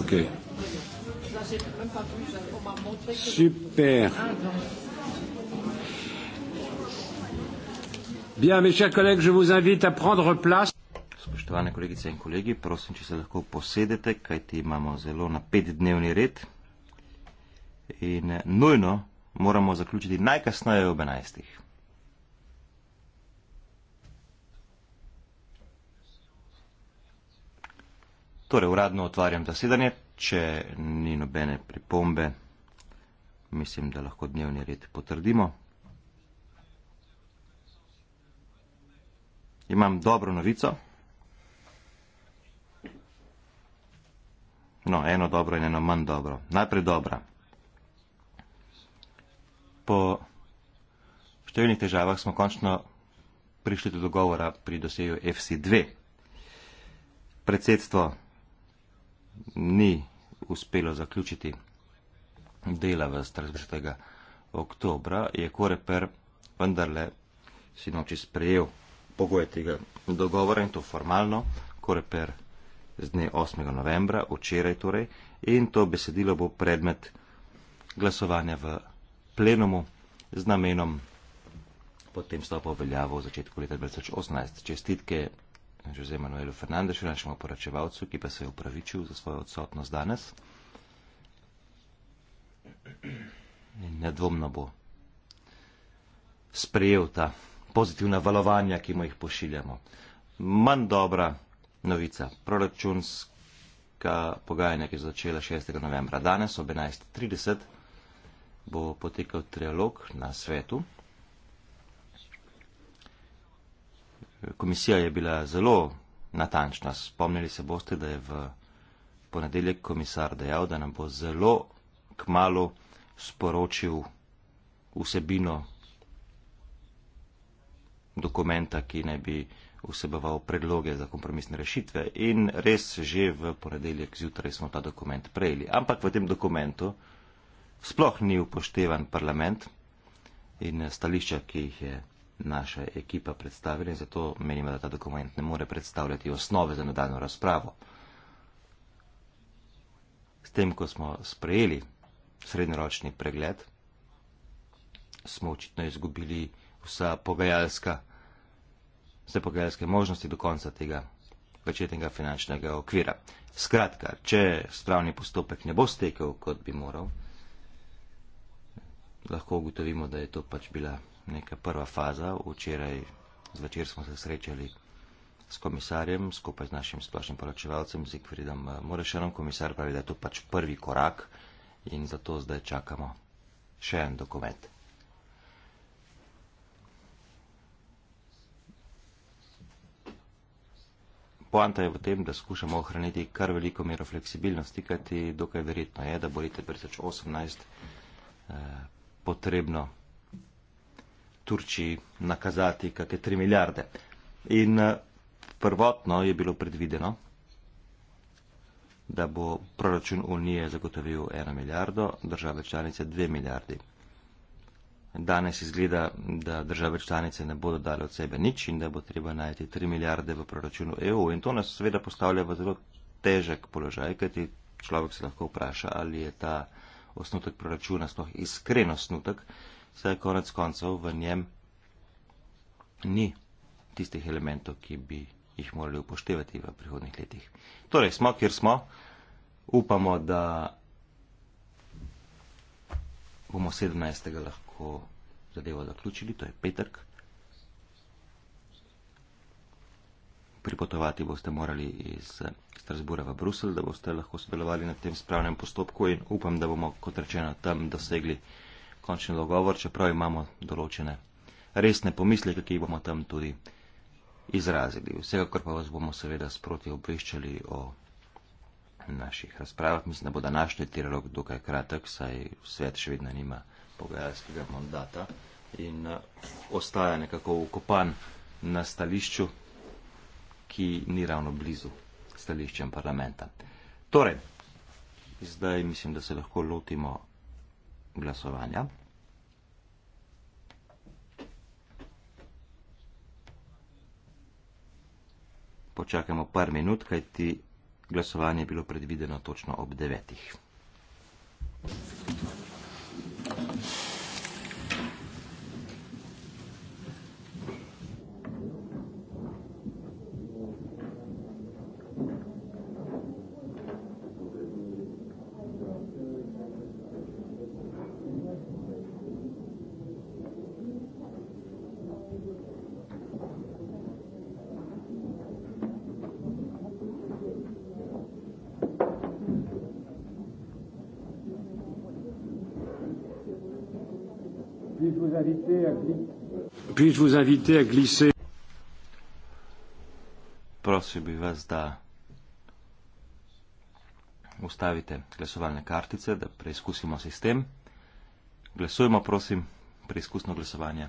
Ok. Super. Bien, mes chers collègues, je vous invite à prendre place. Spoštovane kolegice in kolegi, prosim, če se lahko posedete, kajti imamo zelo napet dnevni red in nujno moramo zaključiti najkasneje ob 11. Torej, uradno otvarjam zasedanje, če ni nobene pripombe, mislim, da lahko dnevni red potrdimo. Imam dobro novico. No, eno dobro in eno manj dobro. Najprej dobra. Po številnih težavah smo končno prišli do dogovora pri dosegu FC2. Predsedstvo ni uspelo zaključiti dela v Strasbourg tega oktobra, je Koreper vendarle sinoči sprejel pogoje tega dogovora in to formalno, Koreper z dne 8. novembra, včeraj torej, in to besedilo bo predmet glasovanja v plenumu z namenom potem stopa v veljavo v začetku leta 2018. Čestitke Jose Manuelu Fernandešu, našemu poročevalcu, ki pa se je upravičil za svojo odsotnost danes. In nedvomno bo sprejel ta pozitivna valovanja, ki mu jih pošiljamo. Manj dobra novica. Proračunska pogajanja, ki je začela 6. novembra danes ob 11.30, bo potekal trialog na svetu. Komisija je bila zelo natančna. Spomnili se boste, da je v ponedeljek komisar dejal, da nam bo zelo kmalo sporočil vsebino dokumenta, ki naj bi vseboval predloge za kompromisne rešitve. In res že v ponedeljek zjutraj smo ta dokument prejeli. Ampak v tem dokumentu sploh ni upoštevan parlament in stališča, ki jih je naša ekipa predstavili, zato menimo, da ta dokument ne more predstavljati osnove za nadaljno razpravo. S tem, ko smo sprejeli srednjeročni pregled, smo očitno izgubili vsa pogajalska, vse pogajalske možnosti do konca tega začetnega finančnega okvira. Skratka, če spravni postopek ne bo stekel, kot bi moral, lahko ugotovimo, da je to pač bila neka prva faza. Včeraj zvečer smo se srečali s komisarjem, skupaj z našim splošnim poročevalcem Zikvridom eh, Morešenom. Komisar pravi, da je to pač prvi korak in zato zdaj čakamo še en dokument. Poanta je v tem, da skušamo ohraniti kar veliko mero fleksibilnosti, kajti dokaj verjetno je, da bo leta 2018 eh, potrebno Turčiji nakazati kakšne 3 milijarde. In eh, prvotno je bilo predvideno, da bo proračun Unije zagotovil 1 milijardo, države članice 2 milijardi. Danes izgleda, da države članice ne bodo dale od sebe nič in da bo treba najti 3 milijarde v proračunu EU. In to nas seveda postavlja v zelo težek položaj, kajti človek se lahko vpraša, ali je ta osnutek proračuna sploh iskren osnutek saj konec koncev v njem ni tistih elementov, ki bi jih morali upoštevati v prihodnih letih. Torej, smo, kjer smo, upamo, da bomo 17. lahko zadevo zaključili, to je petek. Pripotovati boste morali iz Strasbura v Bruselj, da boste lahko sodelovali na tem spravnem postopku in upam, da bomo, kot rečeno, tam dosegli končni dogovor, čeprav imamo določene resne pomisleke, ki jih bomo tam tudi izrazili. Vsekakor pa vas bomo seveda sproti obveščali o naših razpravah. Mislim, da bo današnji tirolog dokaj kratek, saj svet še vedno nima pogajalskega mandata in eh, ostaja nekako ukopan na stališču, ki ni ravno blizu stališčem parlamenta. Torej, zdaj mislim, da se lahko lotimo glasovanja. Počakajmo par minut, kaj ti glasovanje je bilo predvideno točno ob devetih. Thank you. Puis-je vous inviter à glisser Prosil bi vas, da ustavite glasovalne kartice, da preizkusimo sistem. Glasujemo, prosim, preizkusno glasovanje.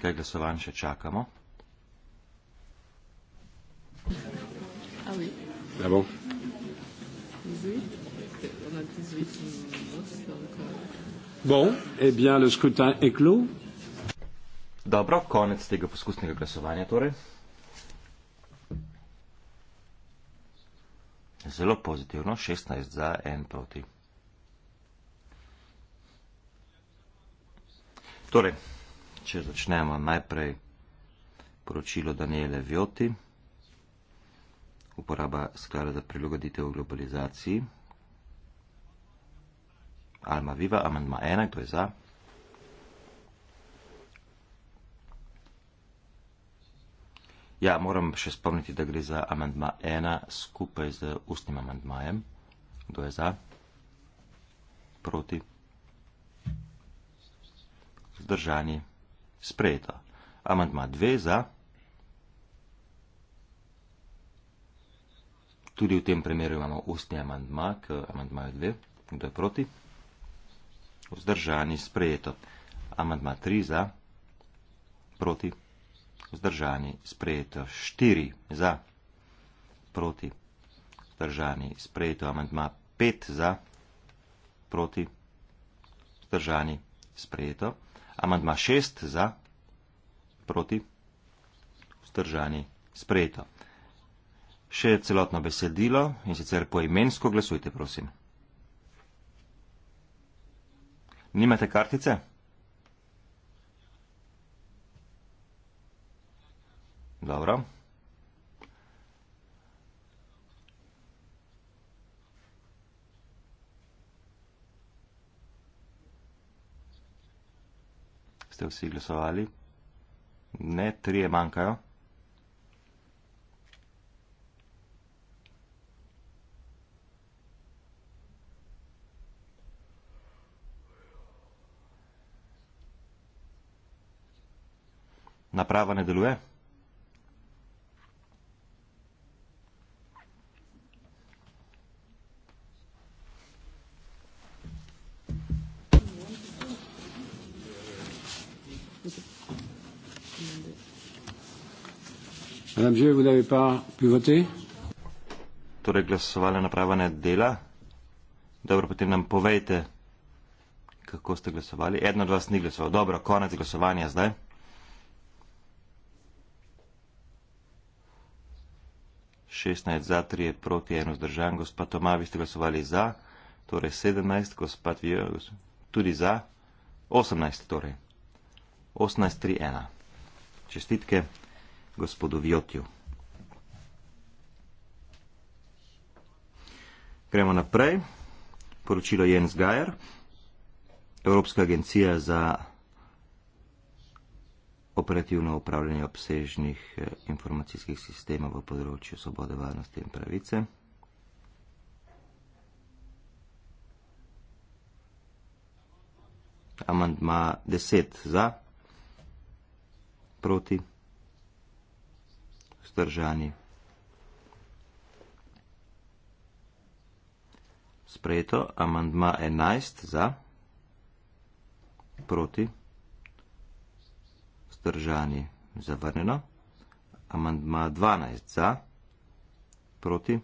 nekaj glasovanj še čakamo. Ja, bon, eh bien, le scrutin est clos. Dobro, konec tega poskusnega glasovanja torej. Zelo pozitivno, 16 za, 1 proti. Torej, če začnemo najprej poročilo Daniele Vjoti, uporaba sklada za prilagoditev globalizaciji. Alma Viva, amendma 1, kdo je za? Ja, moram še spomniti, da gre za amendma 1 skupaj z ustnim amendmajem. Kdo je za? Proti? Zdržani? sprejeta. Amantma dve za. Tudi v tem primeru imamo ustni amantma k amantmaju dve. Kdo je proti? Vzdržani sprejeto. Amantma tri za. Proti. Vzdržani sprejeto. Štiri za. Proti. Vzdržani sprejeto. Amantma pet za. Proti. Vzdržani sprejeto. Amandma šest za, proti, vzdržani, sprejeto. Še celotno besedilo in sicer poimensko glasujte, prosim. Nimate kartice? Dobro. ste vsi glasovali? Ne, trije manjkajo. Naprava ne deluje. Že, kdaj je pa pri vati? Torej, glasovalna naprava ne dela. Dobro, potem nam povejte, kako ste glasovali. Eden od vas ni glasoval. Dobro, konec glasovanja zdaj. Šestnajst za, tri je proti, eno zdržan. Gospa Toma, vi ste glasovali za. Torej, sedemnajst, gospa Tvijo, tudi za. Osemnajst, torej. Osemnajst, tri, ena. Čestitke gospodu Vjotju. Gremo naprej. Poročilo Jens Geier, Evropska agencija za operativno upravljanje obsežnih eh, informacijskih sistemov v področju svobode, varnosti in pravice. Amandma 10 za, proti 1 vzdržani. Sprejeto, amandma 11 za, proti, vzdržani, zavrnjeno. Amandma 12 za, proti,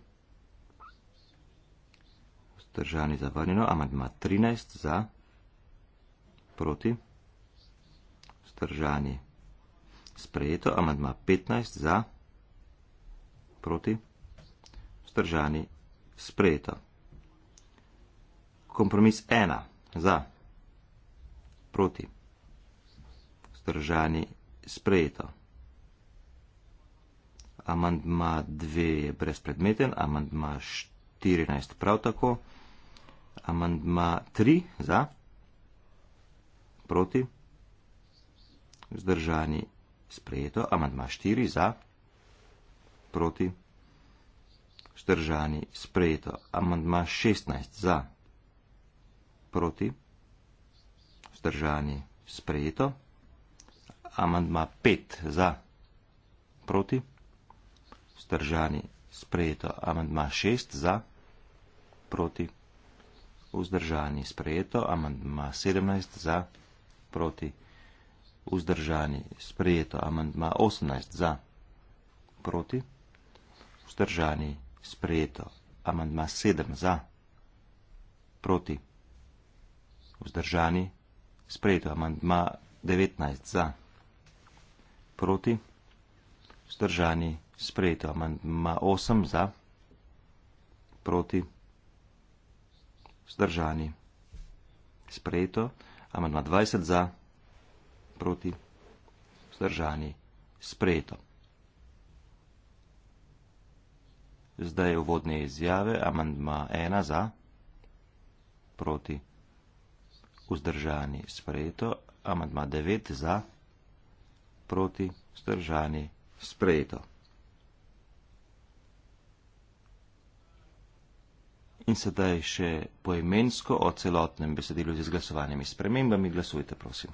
vzdržani, zavrnjeno. Amandma 13 za, proti, vzdržani, sprejeto. Amandma 15 za, proti proti? Vzdržani, sprejeto. Kompromis ena, za, proti. Vzdržani, sprejeto. Amandma dve je brezpredmeten, amandma štirinajst prav tako. Amandma tri, za, proti. Vzdržani, sprejeto. Amandma štiri, za, proti, vzdržani sprejeto. Amandma 16 za, proti, vzdržani sprejeto. Amandma 5 za, proti, vzdržani sprejeto. Amandma 6 za, proti, vzdržani sprejeto. Amandma 17 za, proti, vzdržani sprejeto. Amandma 18 za, proti vzdržani sprejeto. Amandma 7 za, proti, vzdržani sprejeto. Amandma 19 za, proti, vzdržani sprejeto. Amandma 8 za, proti, vzdržani sprejeto. Amandma 20 za, proti, vzdržani sprejeto. Zdaj uvodne izjave, amandma ena za, proti, vzdržani sprejeto, amandma devet za, proti, vzdržani sprejeto. In sedaj še poimensko o celotnem besedilu z izglasovanimi spremembami. Glasujte, prosim.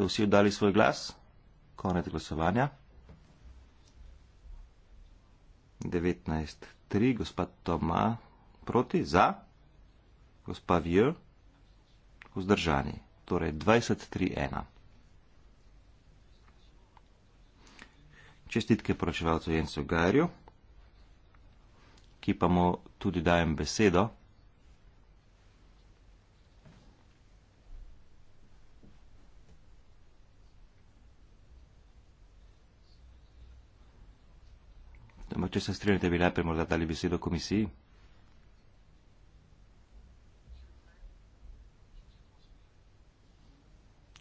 ste vsi oddali svoj glas? Konec glasovanja. 19.3. Gospa Toma proti, za. Gospa V. Vzdržani. Torej 23.1. Čestitke poročevalcu Jensu Gajerju, ki pa mu tudi dajem besedo. če se strinjate, bi najprej morda dali besedo komisiji.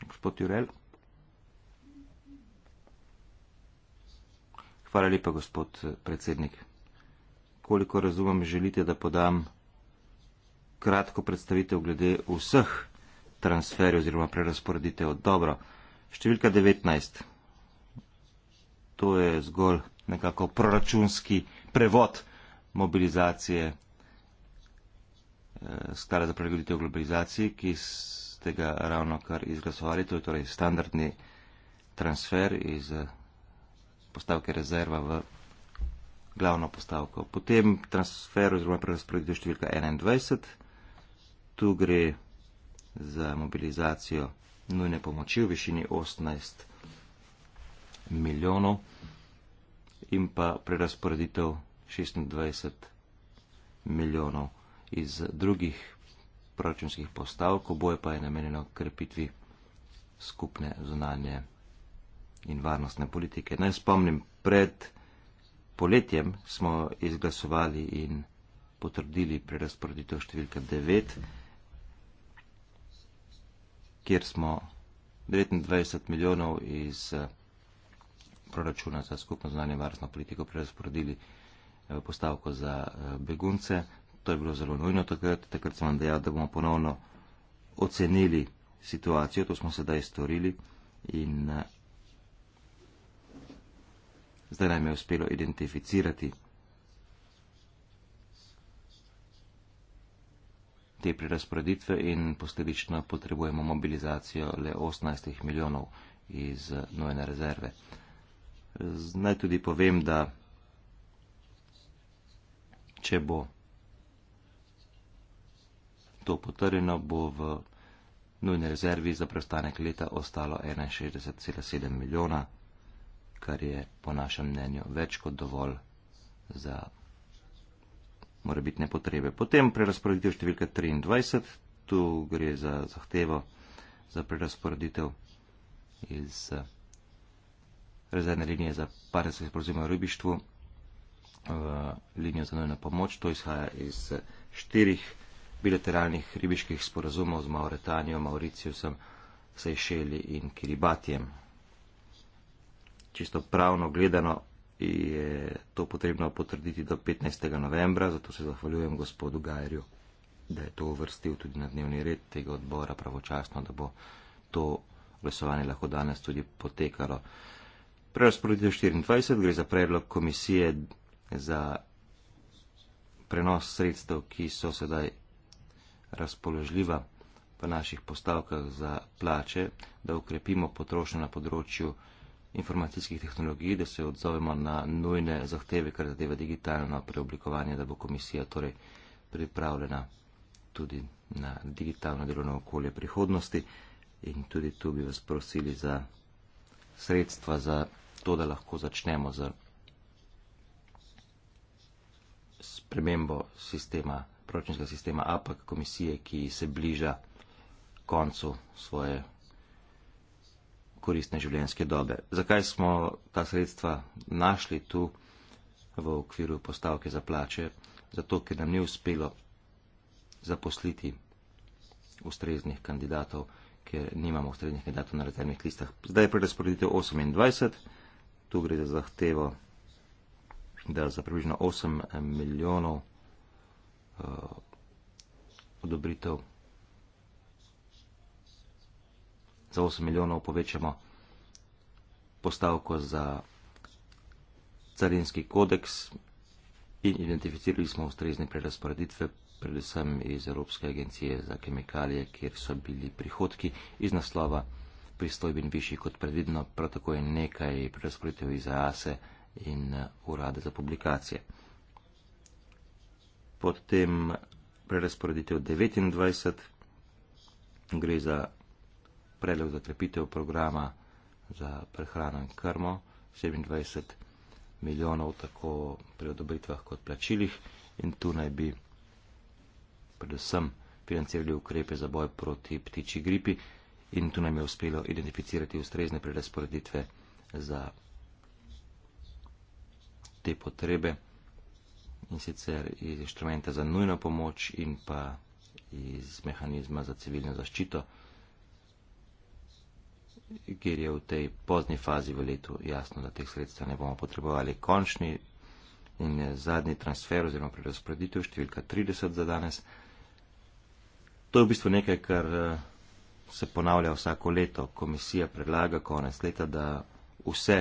Gospod Jurel. Hvala lepa, gospod eh, predsednik. Koliko razumem, želite, da podam kratko predstavitev glede vseh transferjev oziroma prerasporeditev. Dobro. Številka 19. To je zgolj nekako proračunski prevod mobilizacije eh, sklada za prilagoditev globalizaciji, ki ste ga ravno kar izglasovali, to je torej standardni transfer iz eh, postavke rezerva v glavno postavko. Potem transfer oziroma prerasporeditev številka 21, tu gre za mobilizacijo nujne pomoči v višini 18 milijonov in pa prerasporeditev 26 milijonov iz drugih proračunskih postavk, oboje pa je namenjeno krepitvi skupne zunanje in varnostne politike. Naj spomnim, pred poletjem smo izglasovali in potrdili prerasporeditev številka 9, kjer smo 29 milijonov iz proračuna za skupno zunanje varstno politiko prerasporedili eh, postavko za eh, begunce. To je bilo zelo nujno takrat, takrat sem vam dejal, da bomo ponovno ocenili situacijo, to smo sedaj storili in eh, zdaj nam je uspelo identificirati te prerasporeditve in posledično potrebujemo mobilizacijo le 18 milijonov iz nujne rezerve. Naj tudi povem, da če bo to potrjeno, bo v nujni rezervi za preostanek leta ostalo 61,7 milijona, kar je po našem mnenju več kot dovolj za morebitne potrebe. Potem prerasporeditev številka 23, tu gre za zahtevo za prerasporeditev iz rezervne linije za partnerske sporozume o ribištvu, v eh, linijo za nujno pomoč. To izhaja iz štirih bilateralnih ribiških sporozumov z Mauretanijo, Mauriciusom, Sejšeli in Kiribatijem. Čisto pravno gledano je to potrebno potrditi do 15. novembra, zato se zahvaljujem gospodu Gajerju, da je to uvrstil tudi na dnevni red tega odbora pravočasno, da bo to glasovanje lahko danes tudi potekalo. Prerasporeditev 24 gre za predlog komisije za prenos sredstev, ki so sedaj razpoložljiva v naših postavkah za plače, da ukrepimo potrošnje na področju informacijskih tehnologij, da se odzovemo na nujne zahteve, kar zadeva digitalno preoblikovanje, da bo komisija torej pripravljena tudi na digitalno delovno okolje prihodnosti. In tudi tu bi vas prosili za sredstva za to, da lahko začnemo z premembo sistema, pročinskega sistema APAK komisije, ki se bliža koncu svoje koristne življenjske dobe. Zakaj smo ta sredstva našli tu v okviru postavke za plače? Zato, ker nam ni uspelo zaposliti ustreznih kandidatov ker nimamo ustreznih kandidatov na rezervnih listah. Zdaj je prerasporeditev 28, tu gre za zahtevo, da za približno 8 eh, milijonov uh, odobritev, za 8 milijonov povečamo postavko za carinski kodeks in identificirali smo ustrezne prerasporeditve predvsem iz Evropske agencije za kemikalije, kjer so bili prihodki iz naslova pristojbin višji kot predvidno, prav tako je nekaj preraspolitev iz AASE in uh, urade za publikacije. Potem preraspolitev 29 gre za predlog za krepitev programa za prehrano in krmo 27 milijonov tako pri odobritvah kot plačilih in tu naj bi predvsem financirali ukrepe za boj proti ptičji gripi in tu nam je uspelo identificirati ustrezne prerasporeditve za te potrebe in sicer iz inštrumenta za nujno pomoč in pa iz mehanizma za civilno zaščito, kjer je v tej pozni fazi v letu jasno, da teh sredstev ne bomo potrebovali. Končni in zadnji transfer oziroma prerasporeditev številka 30 za danes. To je v bistvu nekaj, kar eh, se ponavlja vsako leto. Komisija predlaga konec leta, da vse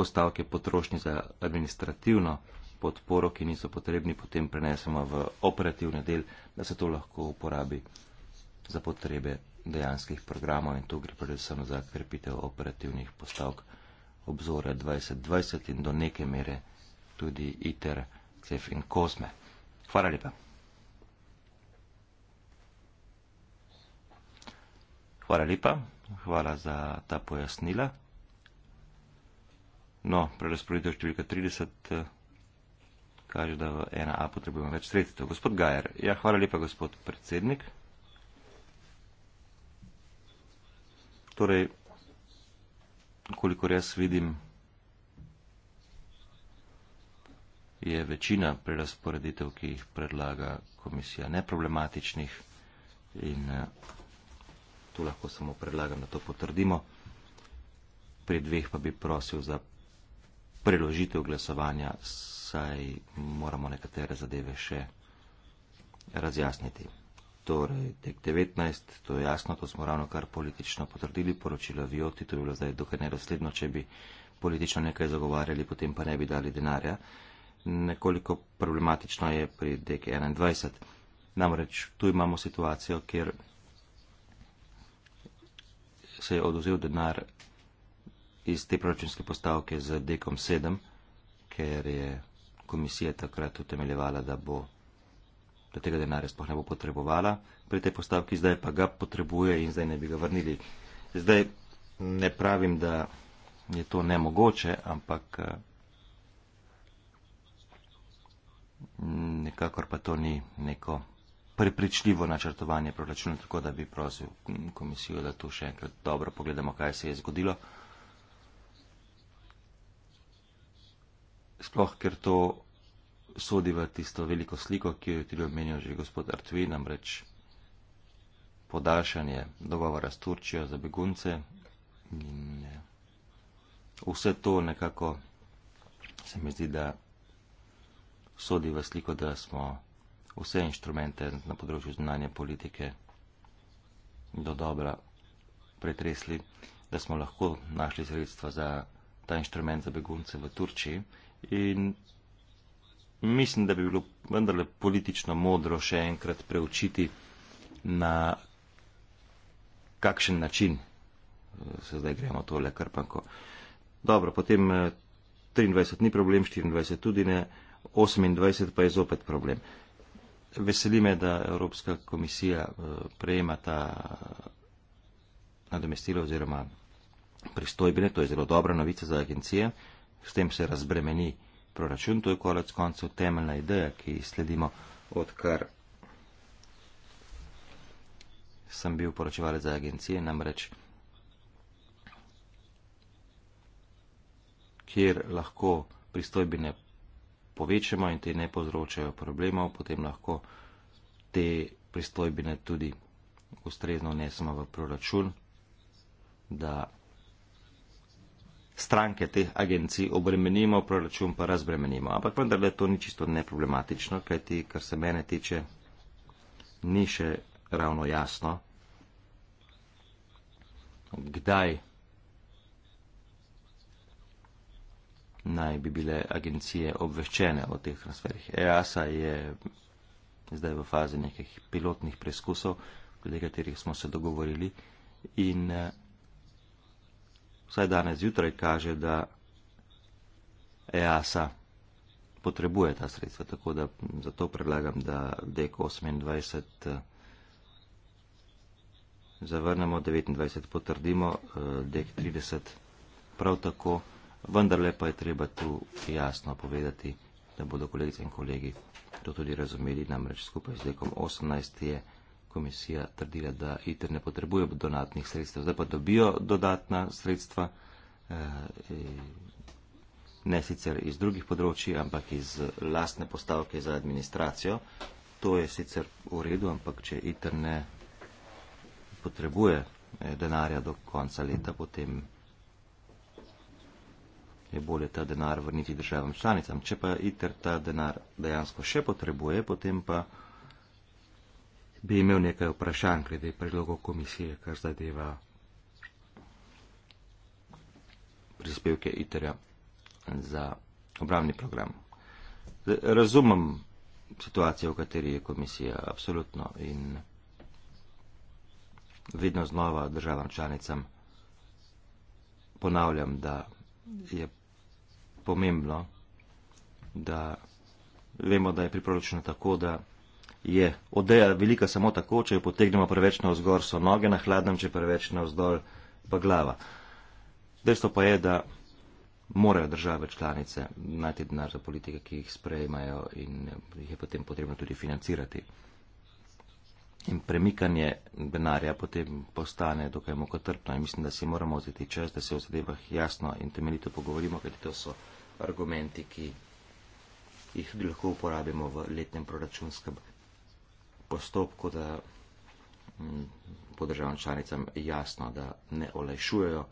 postavke potrošnje za administrativno podporo, ki niso potrebni, potem prenesemo v operativni del, da se to lahko uporabi za potrebe dejanskih programov in to gre predvsem za krepitev operativnih postavk obzore 2020 in do neke mere tudi ITER 2020. Cefrin Kozme. Hvala lepa. Hvala lepa, hvala za ta pojasnila. No, prerasporeditev številka 30 eh, kaže, da v 1A potrebujemo več sredstev. Gospod Gajer, ja, hvala lepa, gospod predsednik. Torej, koliko jaz vidim, je večina prerasporeditev, ki jih predlaga komisija, neproblematičnih in eh, tu lahko samo predlagam, da to potrdimo. Pri dveh pa bi prosil za preložitev glasovanja, saj moramo nekatere zadeve še razjasniti. Torej, tek 19, to je jasno, to smo ravno kar politično potrdili, poročilo Vioti, to je bilo zdaj dokaj nedosledno, če bi politično nekaj zagovarjali, potem pa ne bi dali denarja nekoliko problematično je pri DK21. Namreč tu imamo situacijo, kjer se je oduzel denar iz te proračunske postavke z DK7, ker je komisija takrat utemeljevala, da bo da tega denarja sploh ne bo potrebovala pri tej postavki, zdaj pa ga potrebuje in zdaj ne bi ga vrnili. Zdaj ne pravim, da je to nemogoče, ampak eh, Nekakor pa to ni neko prepričljivo načrtovanje proračuna, tako da bi prosil komisijo, da tu še enkrat dobro pogledamo, kaj se je zgodilo. Sploh, ker to sodi v tisto veliko sliko, ki jo je tudi omenil že gospod Artvi, namreč podaljšanje dogovora s Turčijo za begunce in eh, vse to nekako se mi zdi, da sodi v sliko, da smo vse inštrumente na področju znanja politike do dobra pretresli, da smo lahko našli sredstva za ta inštrument za begunce v Turčiji in mislim, da bi bilo vendarle politično modro še enkrat preučiti na kakšen način eh, se zdaj gremo tole krpanko. Dobro, potem 23 eh, ni problem, 24 tudi ne. 28 pa je zopet problem. Veseli me, da Evropska komisija eh, prejema ta nadomestilo oziroma pristojbine, to je zelo dobra novica za agencije, s tem se razbremeni proračun, to je konec koncev temeljna ideja, ki sledimo odkar sem bil poročevalec za agencije, namreč kjer lahko pristojbine povečamo in te ne povzročajo problemov, potem lahko te pristojbine tudi ustrezno nesemo v proračun, da stranke teh agencij obremenimo, proračun pa razbremenimo. Ampak vendar le to ni čisto neproblematično, kajti, kar se mene tiče, ni še ravno jasno, kdaj naj bi bile agencije obveščene o teh transferih. EASA je zdaj v fazi nekih pilotnih preizkusov, glede katerih smo se dogovorili in eh, vsaj danes zjutraj kaže, da EASA potrebuje ta sredstva, tako da zato predlagam, da DEK 28 eh, zavrnemo, 29 potrdimo, eh, e DEK 30 prav tako vendar lepa je treba tu jasno povedati, da bodo kolegice in kolegi to tudi razumeli, namreč skupaj z Lekom 18 je komisija trdila, da ITER ne potrebuje donatnih sredstev, zdaj pa dobijo dodatna sredstva, eh, eh, ne sicer iz drugih področji, ampak iz lastne postavke za administracijo. To je sicer v redu, ampak če ITER ne potrebuje eh, denarja do konca leta, potem je bolje ta denar vrniti državam članicam. Če pa ITER ta denar dejansko še potrebuje, potem pa bi imel nekaj vprašanj glede predlogov komisije, kar zadeva prispevke ITER-ja za obramni program. Razumem situacijo, v kateri je komisija, absolutno in vedno znova državam članicam ponavljam, da je pomembno, da vemo, da je pri proračunu tako, da je odeja velika samo tako, če jo potegnemo preveč na vzgor, so noge na hladnem, če preveč na vzdolj, pa glava. Dejstvo pa je, da morajo države članice najti denar za politike, ki jih sprejmajo in jih je potem potrebno tudi financirati. In premikanje denarja potem postane dokaj mokotrpno in mislim, da si moramo vzeti čas, da se o zadevah jasno in temeljito pogovorimo, kajti to so argumenti, ki jih tudi lahko uporabimo v letnem proračunskem postopku, da mm, podržavam članicam jasno, da ne olajšujejo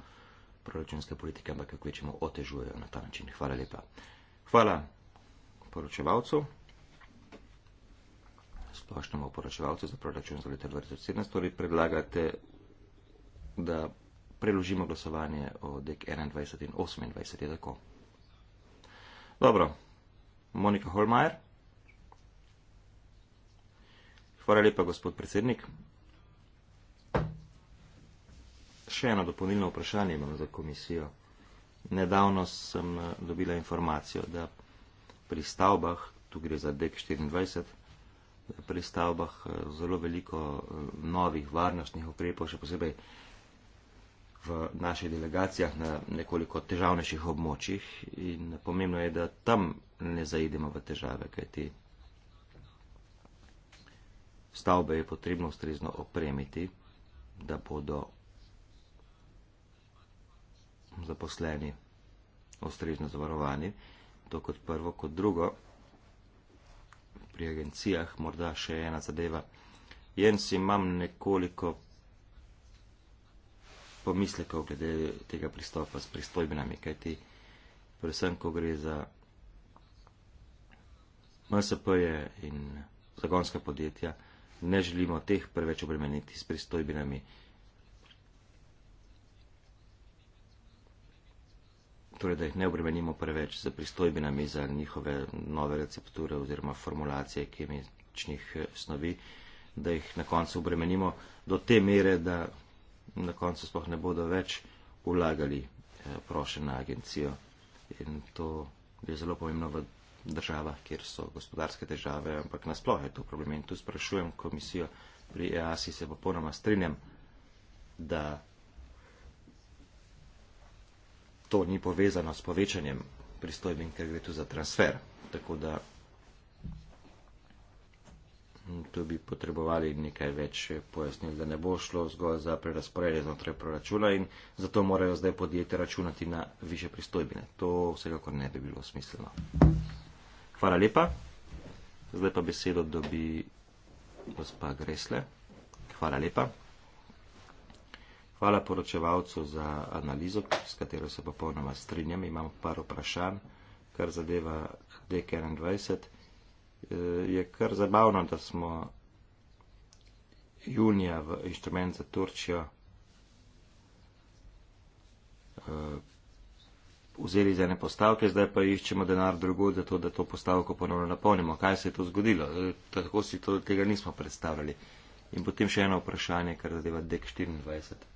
proračunske politike, ampak kako večjemu otežujejo na ta način. Hvala lepa. Hvala poročevalcu, splošnemu poročevalcu za proračun za leto 2017, torej predlagate, da preložimo glasovanje o DEK 21 in 28, je tako. Dobro. Monika Holmajer. Hvala lepa, gospod predsednik. Še eno dopolnilno vprašanje imam za komisijo. Nedavno sem eh, dobila informacijo, da pri stavbah, tu gre za DEC 24, pri stavbah eh, zelo veliko eh, novih varnostnih ukrepov, še posebej v naših delegacijah na nekoliko težavnejših območjih in pomembno je, da tam ne zaidemo v težave, kajti stavbe je potrebno ustrezno opremiti, da bodo zaposleni ustrezno zavarovani. To kot prvo, kot drugo, pri agencijah morda še ena zadeva. Jens imam nekoliko pomislekov glede tega pristopa s pristojbinami, kajti predvsem, ko gre za MSP-je in zagonska podjetja, ne želimo teh preveč obremeniti s pristojbinami. Torej, da jih ne obremenimo preveč z pristojbinami za njihove nove recepture oziroma formulacije kemičnih snovi, da jih na koncu obremenimo do te mere, da na koncu sploh ne bodo več vlagali eh, prošen na agencijo. In to je zelo pomembno v državah, kjer so gospodarske težave, ampak nasploh je to problem. In tu sprašujem komisijo pri EASI, se popolnoma strinjam, da to ni povezano s povečanjem pristojbin, ker gre tu za transfer. Tako da Mm, tu bi potrebovali nekaj več pojasnil, da ne bo šlo zgolj za prerasporedje znotraj proračuna in zato morajo zdaj podjetja računati na više pristojbine. To vsekakor ne bi bilo smiselno. Hvala lepa. Zdaj pa besedo dobi gospa Gresle. Hvala lepa. Hvala poročevalcu za analizo, s katero se popolnoma strinjam. Imam par vprašanj, kar zadeva DK21. Eh, je kar zabavno, da smo junija v inštrument za Turčijo eh, vzeli za ene postavke, zdaj pa iščemo denar drugo, da to, da to postavko ponovno napolnimo. Kaj se je to zgodilo? Eh, tako si to, tega nismo predstavljali. In potem še eno vprašanje, kar zadeva DEC 24.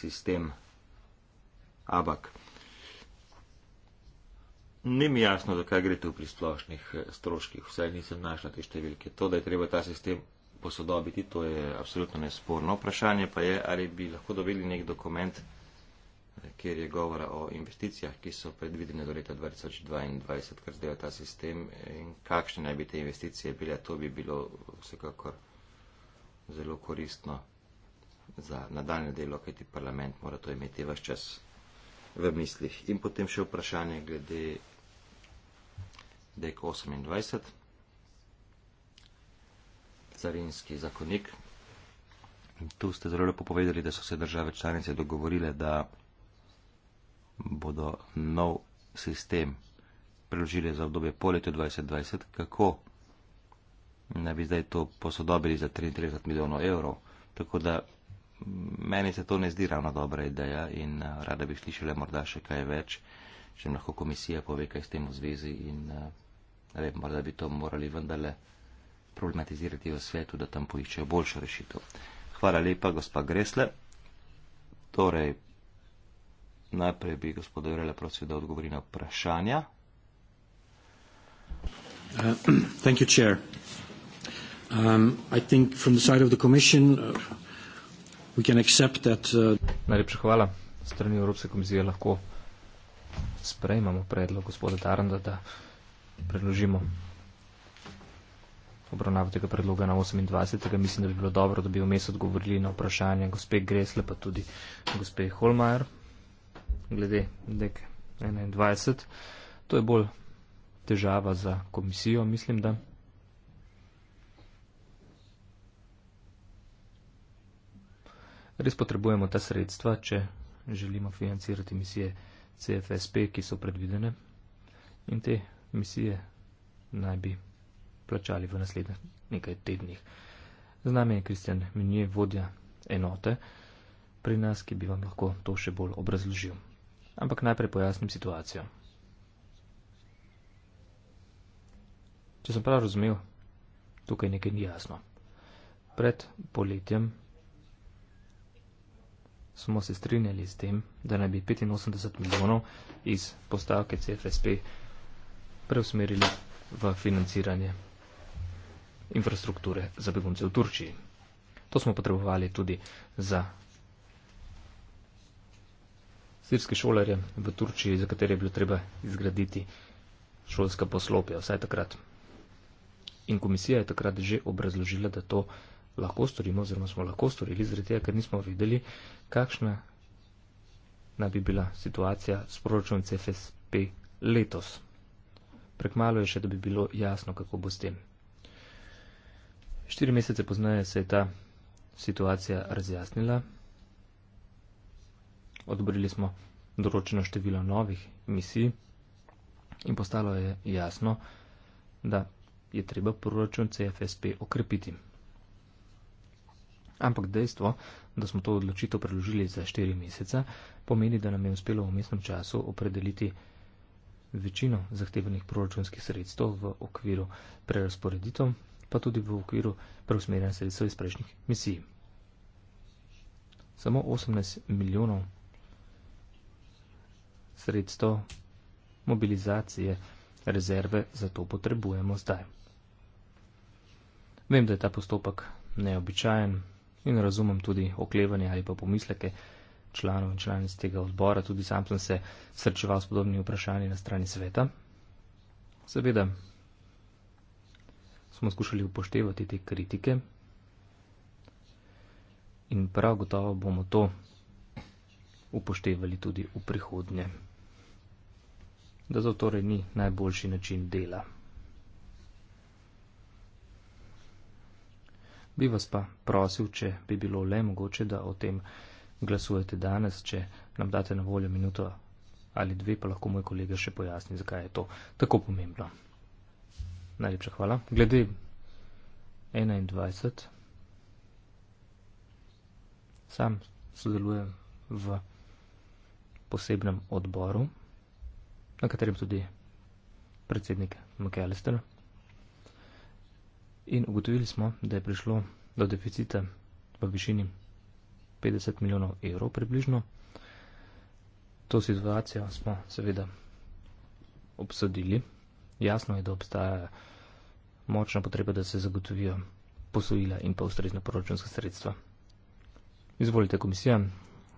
Sistem. Abak. Ni mi jasno, zakaj gre tu pri splošnih eh, stroških, vse nisem našla te številke. To, da je treba ta sistem posodobiti, to je absolutno nesporno. Vprašanje pa je, ali bi lahko dobili nek dokument, eh, kjer je govora o investicijah, ki so predvidene do leta 2022, kar zdaj je ta sistem eh, in kakšne naj bi te investicije bile. To bi bilo vsekakor zelo koristno za nadaljne delo, kajti parlament mora to imeti vse čas v mislih. In potem še vprašanje glede DEK 28, carinski zakonik. Tu ste zelo lepo povedali, da so se države članice dogovorile, da bodo nov sistem preložili za obdobje poletja 2020. Kako naj bi zdaj to posodobili za 33 milijonov evrov? Tako da meni se to ne zdi ravno dobra ideja in uh, rada bi slišala morda še kaj več, če lahko komisija pove kaj s tem v zvezi in uh, ne vem, morda bi to morali vendarle problematizirati v svetu, da tam poiščejo boljšo rešitev. Hvala lepa, gospa Gresle. Torej, najprej bi gospoda Jurela prosil, da odgovori na vprašanja. Uh, thank you, Chair. Um, I think from the side of the Commission, uh, Uh, Najlepša hvala. Strani Evropske komisije lahko sprejmamo predlog gospoda Taranda, da predložimo obravnavo tega predloga na 28. Mislim, da bi bilo dobro, da bi vmes odgovorili na vprašanje gospe Gresle, pa tudi gospe Holmajer, glede DEK 21. To je bolj težava za komisijo, mislim, da. Res potrebujemo ta sredstva, če želimo financirati misije CFSP, ki so predvidene. In te misije naj bi plačali v naslednjih nekaj tednih. Z nami je Kristjan Minje, vodja enote pri nas, ki bi vam lahko to še bolj obrazložil. Ampak najprej pojasnim situacijo. Če sem prav razumel, tukaj nekaj ni jasno. Pred poletjem smo se strinjali s tem, da naj bi 85 milijonov iz postavke CFSP preusmerili v financiranje infrastrukture za begunce v Turčiji. To smo potrebovali tudi za sirske šolarje v Turčiji, za katere je bilo treba izgraditi šolska poslopja, vsaj takrat. In komisija je takrat že obrazložila, da to lahko storimo, oziroma smo lahko storili, zretega, ker nismo videli, kakšna naj bi bila situacija s proračunom CFSP letos. Prekmalo je še, da bi bilo jasno, kako bo s tem. Štiri mesece poznaje se je ta situacija razjasnila. Odobrili smo določeno število novih misij in postalo je jasno, da je treba proračun CFSP okrepiti. Ampak dejstvo, da smo to odločitev preložili za štiri mesece, pomeni, da nam je uspelo v mestnem času opredeliti večino zahtevanih proračunskih sredstev v okviru prerasporeditev, pa tudi v okviru preusmerjanja sredstev iz prejšnjih misij. Samo 18 milijonov sredstev mobilizacije rezerve za to potrebujemo zdaj. Vem, da je ta postopek neobičajen in razumem tudi oklevanje ali pa pomisleke članov in članic tega odbora. Tudi sam sem se srčeval s podobnimi vprašanji na strani sveta. Seveda smo skušali upoštevati te kritike in prav gotovo bomo to upoštevali tudi v prihodnje. Da zato torej ni najboljši način dela. Bi vas pa prosil, če bi bilo le mogoče, da o tem glasujete danes, če nam date na voljo minuto ali dve, pa lahko moj kolega še pojasni, zakaj je to tako pomembno. Najlepša hvala. Glede 21. Sam sodelujem v posebnem odboru, na katerem tudi predsednik McAllister in ugotovili smo, da je prišlo do deficita v višini 50 milijonov evrov približno. To situacijo smo seveda obsodili. Jasno je, da obstaja močna potreba, da se zagotovijo posojila in pa ustrezna proračunska sredstva. Izvolite komisija.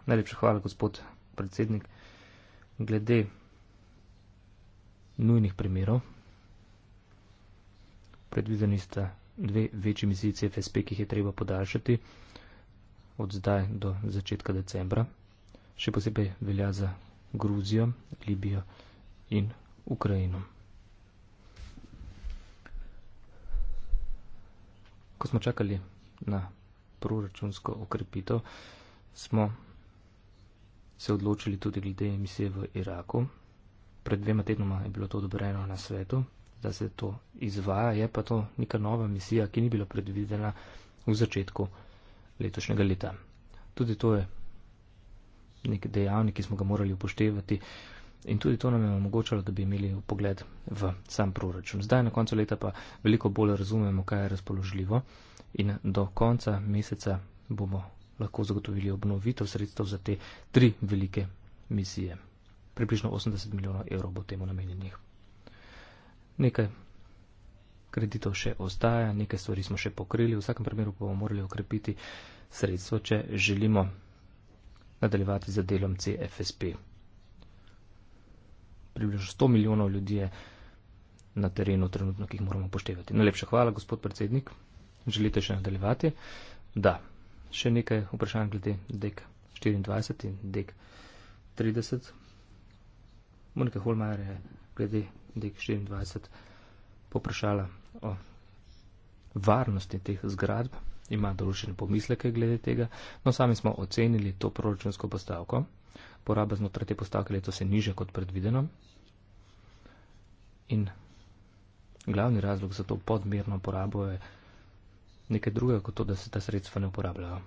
Najlepša hvala, gospod predsednik. Glede nujnih primerov, predvideni ste dve večji misiji CFSP, ki jih je treba podaljšati od zdaj do začetka decembra. Še posebej velja za Gruzijo, Libijo in Ukrajino. Ko smo čakali na proračunsko okrepito, smo se odločili tudi glede emisije v Iraku. Pred dvema tednoma je bilo to odobreno na svetu da se to izvaja, je pa to neka nova misija, ki ni bila predvidena v začetku letošnjega leta. Tudi to je nek dejavnik, ki smo ga morali upoštevati in tudi to nam je omogočalo, da bi imeli pogled v sam proračun. Zdaj na koncu leta pa veliko bolj razumemo, kaj je razpoložljivo in do konca meseca bomo lahko zagotovili obnovitev sredstev za te tri velike misije. Približno 80 milijonov evrov bo temu namenjenih nekaj kreditov še ostaja, nekaj stvari smo še pokrili, v vsakem primeru pa bomo morali okrepiti sredstvo, če želimo nadaljevati z delom CFSP. Približno 100 milijonov ljudi je na terenu trenutno, ki jih moramo poštevati. Najlepša hvala, gospod predsednik. Želite še nadaljevati? Da. Še nekaj vprašanj glede DEK 24 in DEK 30. Monika Holmajer je glede Dek 24 poprašala o varnosti teh zgradb, ima določene pomisleke glede tega, no sami smo ocenili to proračunsko postavko. Poraba znotraj te postavke leto se niže kot predvideno in glavni razlog za to podmerno porabo je nekaj drugega kot to, da se ta sredstva ne uporabljajo.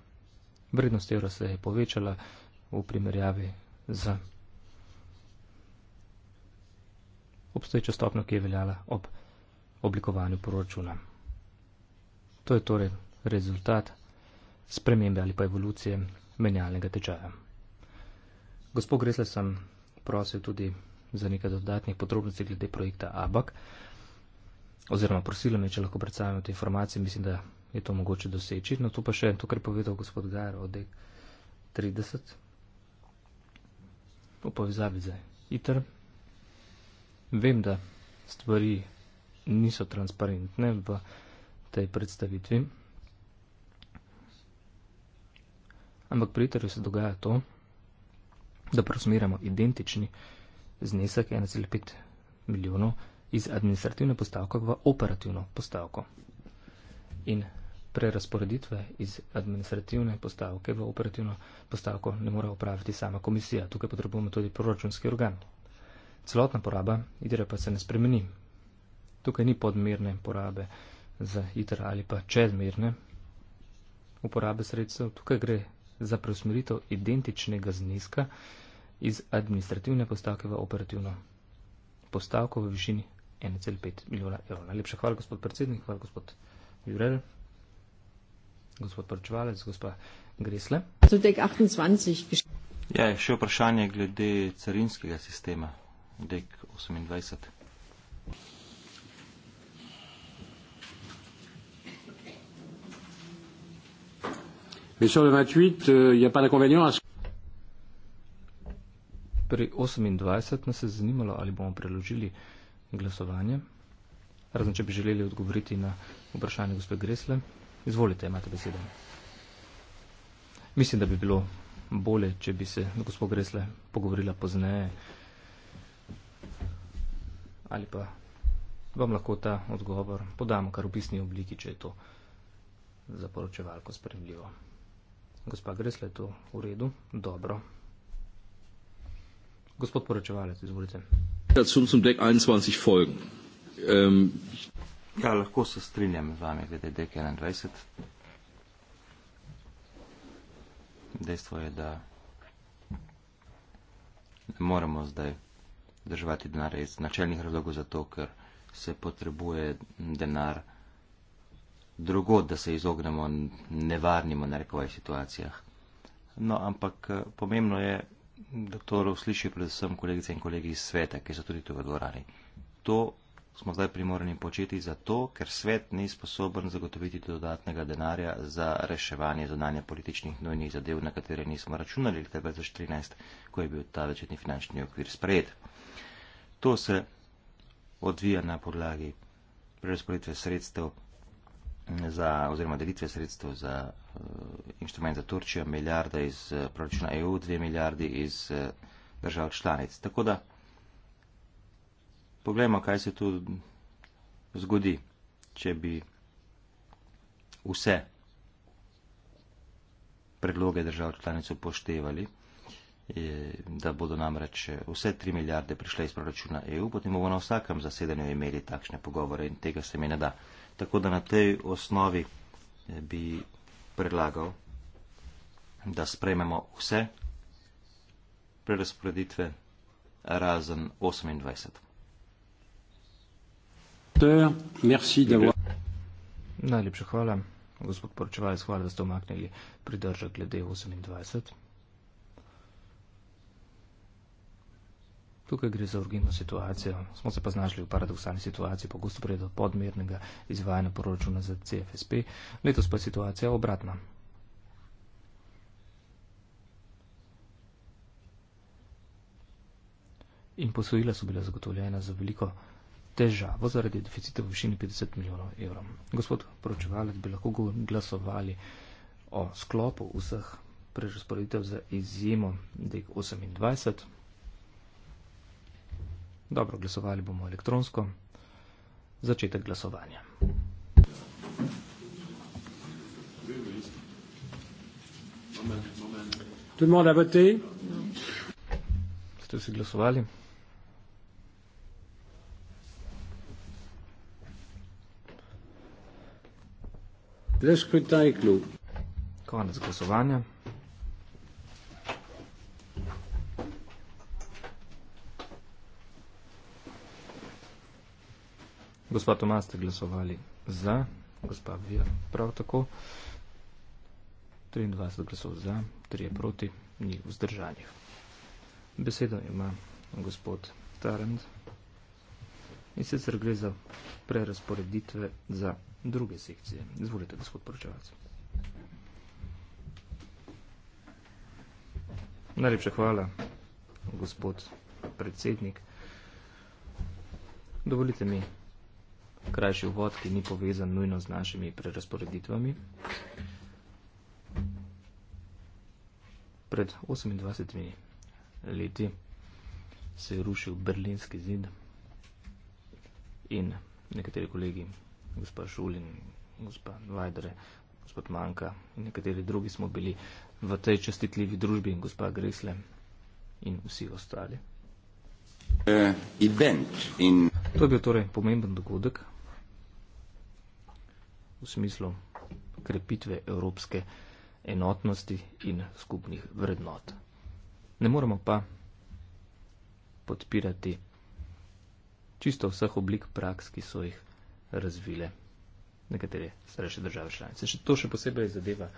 Vrednost evra se je povečala v primerjavi z obstoječo stopno, ki je veljala ob oblikovanju proračuna. To je torej rezultat spremembe ali pa evolucije menjalnega tečaja. Gospod Gresle sem prosil tudi za nekaj dodatnih podrobnosti glede projekta ABAK, oziroma prosil me, če lahko predstavim te informacije, mislim, da je to mogoče doseči. No, tu pa še to, kar je povedal gospod Gajer od 30. V povezavi z ITER Vem, da stvari niso transparentne v tej predstavitvi, ampak pri Twitterju se dogaja to, da prosmeramo identični znesek 1,5 milijonov iz administrativne postavke v operativno postavko. In prerasporeditve iz administrativne postavke v operativno postavko ne mora upraviti sama komisija. Tukaj potrebujemo tudi proračunski organ, celotna poraba itera pa se ne spremeni. Tukaj ni podmerne porabe za iter ali pa čezmerne uporabe sredstev, tukaj gre za preusmeritev identičnega zneska iz administrativne postavke v operativno postavko v višini 1,5 milijona evrov. Najlepša hvala, gospod predsednik, hvala, gospod Jurel, gospod poročevalec, gospa Gresle. Ja, še vprašanje glede carinskega sistema. Dek 28. Euh, Pri 28 nas je zanimalo, ali bomo preložili glasovanje, razen če bi želeli odgovoriti na vprašanje gospe Gresle. Izvolite, imate besedo. Mislim, da bi bilo bolje, če bi se gospod Gresle pogovorila pozneje ali pa vam lahko ta odgovor podamo kar v pisni obliki, če je to za poročevalko sprejemljivo. Gospa Gresla, je to v redu? Dobro. Gospod poročevalec, izvolite. Ja, zum zum dek 21 folgen. Um... Ja, lahko se strinjam z vami glede dek 21. Dejstvo je, da ne moremo zdaj državati denar iz načelnih razlogov, zato ker se potrebuje denar drugo, da se izognemo nevarnim v narekovaj situacijah. No, ampak eh, pomembno je, da to slišijo predvsem kolegice in kolegi iz sveta, ki so tudi tu v dvorani. To smo zdaj primorani početi zato, ker svet ni sposoben zagotoviti dodatnega denarja za reševanje zonanje političnih nujnih zadev, na katere nismo računali leta 2014, ko je bil ta večetni finančni okvir sprejet. To se odvija na podlagi prerazporeditve sredstev za, oziroma delitve sredstev za uh, inštrument za Turčijo, milijarda iz uh, proračuna EU, dve milijardi iz uh, držav članic. Tako da pogledamo, kaj se tu zgodi, če bi vse predloge držav članic upoštevali da bodo namreč vse tri milijarde prišle iz proračuna EU, potem bomo na vsakem zasedanju imeli takšne pogovore in tega se mi ne da. Tako da na tej osnovi eh, bi predlagal, da sprejmemo vse prerasporeditve razen 28. Najlepša hvala, gospod poročevalec, hvala, da ste omaknili pridržek glede 28. Tukaj gre za urgentno situacijo. Smo se pa znašli v paradoksalni situaciji, pogosto prije do podmernega izvajanja poročuna za CFSP, letos pa je situacija obratna. In posojila so bila zagotovljena za veliko težavo zaradi deficita v višini 50 milijonov evrov. Gospod poročevalec bi lahko glasovali o sklopu vseh prerasporeditev za izjemo DEG 28. Dobro, glasovali bomo elektronsko. Začetek glasovanja. Ste si glasovali? Konec glasovanja. Gospa Tomas, ste glasovali za, gospa Vija prav tako. 23 glasov za, 3 proti, ni vzdržanih. Besedo ima gospod Tarend. In sicer gre za prerasporeditve za druge sekcije. Izvolite, gospod poročevalec. Najlepša hvala, gospod predsednik. Dovolite mi, krajši uvod, ki ni povezan nujno z našimi prerasporeditvami. Pred 28 leti se je rušil berlinski zid in nekateri kolegi, gospod Šulin, gospod Vajdre, gospod Manka in nekateri drugi smo bili v tej čestitljivi družbi in gospod Gresle in vsi ostali. Uh, in... To je bil torej pomemben dogodek, v smislu krepitve evropske enotnosti in skupnih vrednot. Ne moramo pa podpirati čisto vseh oblik praks, ki so jih razvile nekatere starejše države članice. Še to še posebej zadeva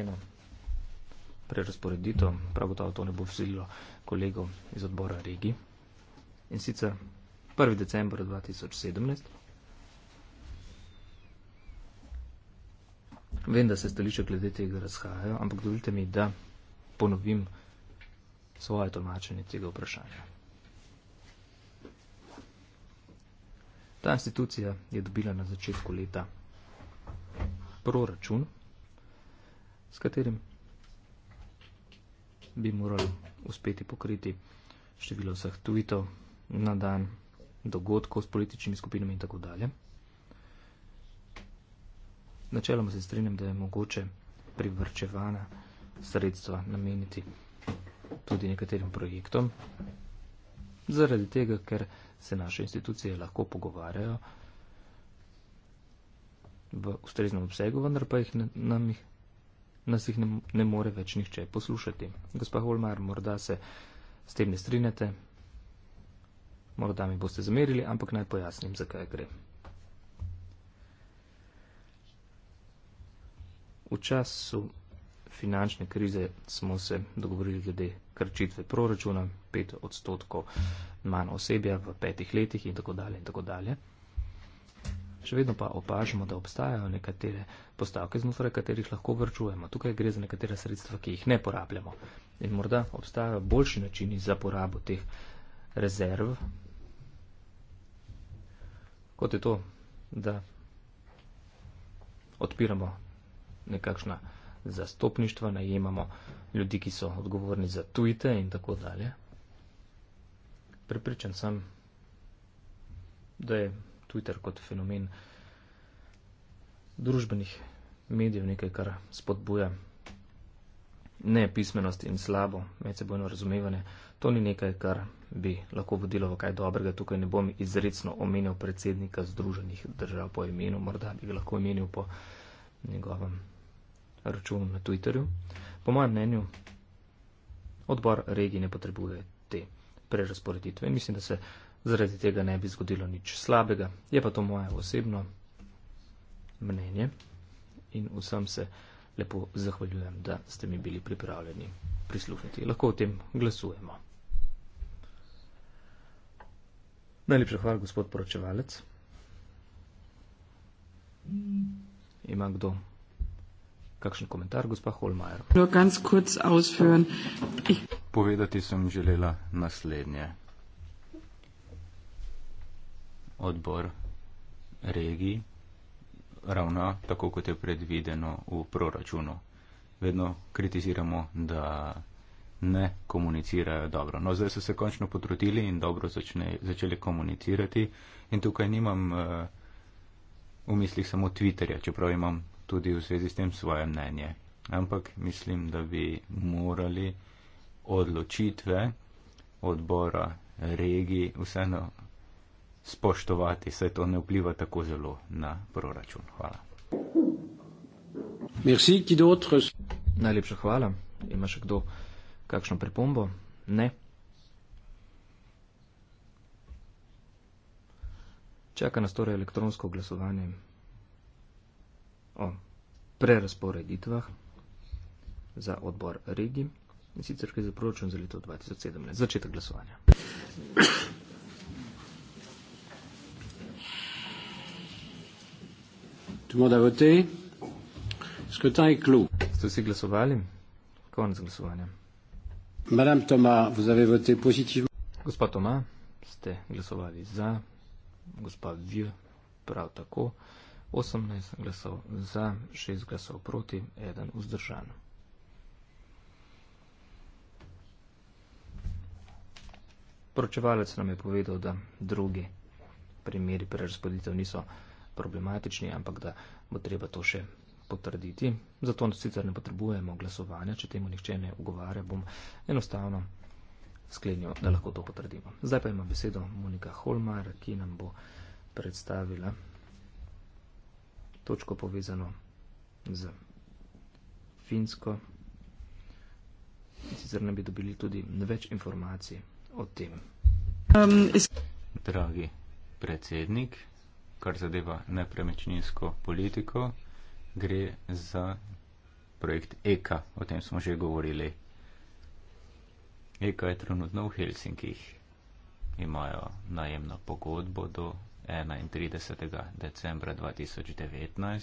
eno prerasporeditev, prav gotovo to ne bo vsililo kolegov iz odbora regi. In sicer 1. december 2017 Vem, da se stališča glede tega razhajajo, ampak dovolite mi, da ponovim svoje tolmačenje tega vprašanja. Ta institucija je dobila na začetku leta proračun, s katerim bi morali uspeti pokriti število vseh tujitev na dan, dogodkov s političnimi skupinami in tako dalje načeloma se strinjam, da je mogoče privrčevana sredstva nameniti tudi nekaterim projektom, zaradi tega, ker se naše institucije lahko pogovarjajo v ustreznem obsegu, vendar pa jih ne, jih, nas jih ne, ne more več nihče poslušati. Gospa Holmar, morda se s tem ne strinjate, morda mi boste zamerili, ampak naj pojasnim, zakaj gre. V času finančne krize smo se dogovorili glede krčitve proračuna, pet odstotkov manj osebja v petih letih in tako dalje in tako dalje. Še vedno pa opažamo, da obstajajo nekatere postavke, znotraj katerih lahko vrčujemo. Tukaj gre za nekatera sredstva, ki jih ne porabljamo. In morda obstajajo boljši načini za porabo teh rezerv, kot je to, da odpiramo nekakšna zastopništva, najemamo ljudi, ki so odgovorni za tujte in tako dalje. Pripričan sem, da je Twitter kot fenomen družbenih medijev nekaj, kar spodbuja ne pismenost in slabo medsebojno razumevanje. To ni nekaj, kar bi lahko vodilo v kaj dobrega. Tukaj ne bom izredno omenjal predsednika Združenih držav po imenu, morda bi ga lahko omenil po njegovem računu na Twitterju. Po mojem mnenju, odbor regij ne potrebuje te prerasporeditve in mislim, da se zaradi tega ne bi zgodilo nič slabega. Je pa to moje osebno mnenje in vsem se lepo zahvaljujem, da ste mi bili pripravljeni prisluhniti. Lahko o tem glasujemo. Najlepša hvala, gospod poročevalec. Ima kdo Kakšen komentar, gospa Holmajer? Povedati sem želela naslednje. Odbor regij ravna tako, kot je predvideno v proračunu. Vedno kritiziramo, da ne komunicirajo dobro. No, zdaj so se končno potrudili in dobro začne, začeli komunicirati. In tukaj nimam uh, v mislih samo Twitterja, čeprav imam tudi v zvezi s tem svoje mnenje. Ampak mislim, da bi morali odločitve odbora regiji vseeno spoštovati, saj to ne vpliva tako zelo na proračun. Hvala. Merci, ki dotres. Najlepša hvala. Ima še kdo kakšno pripombo? Ne. Čaka nas torej elektronsko glasovanje o prerasporeditvah za odbor regij in sicer kaj za proračun za leto 2017. Začetek glasovanja. Ste vsi glasovali? Konec glasovanja. Gospod Toma, ste glasovali za, gospod Vir prav tako. 18 glasov za, 6 glasov proti, 1 vzdržan. Poročevalec nam je povedal, da drugi primeri prerazpoditev niso problematični, ampak da bo treba to še potrditi. Zato sicer ne potrebujemo glasovanja, če temu nihče ne ugovarja, bom enostavno sklenil, da lahko to potrdimo. Zdaj pa ima besedo Monika Holmar, ki nam bo predstavila točko povezano z Finsko. Sicer ne bi dobili tudi več informacij o tem. Um, iz... Dragi predsednik, kar zadeva nepremičninsko politiko, gre za projekt EKA, o tem smo že govorili. EKA je trenutno v Helsinkih. Imajo najemno pogodbo do 31. decembra 2019.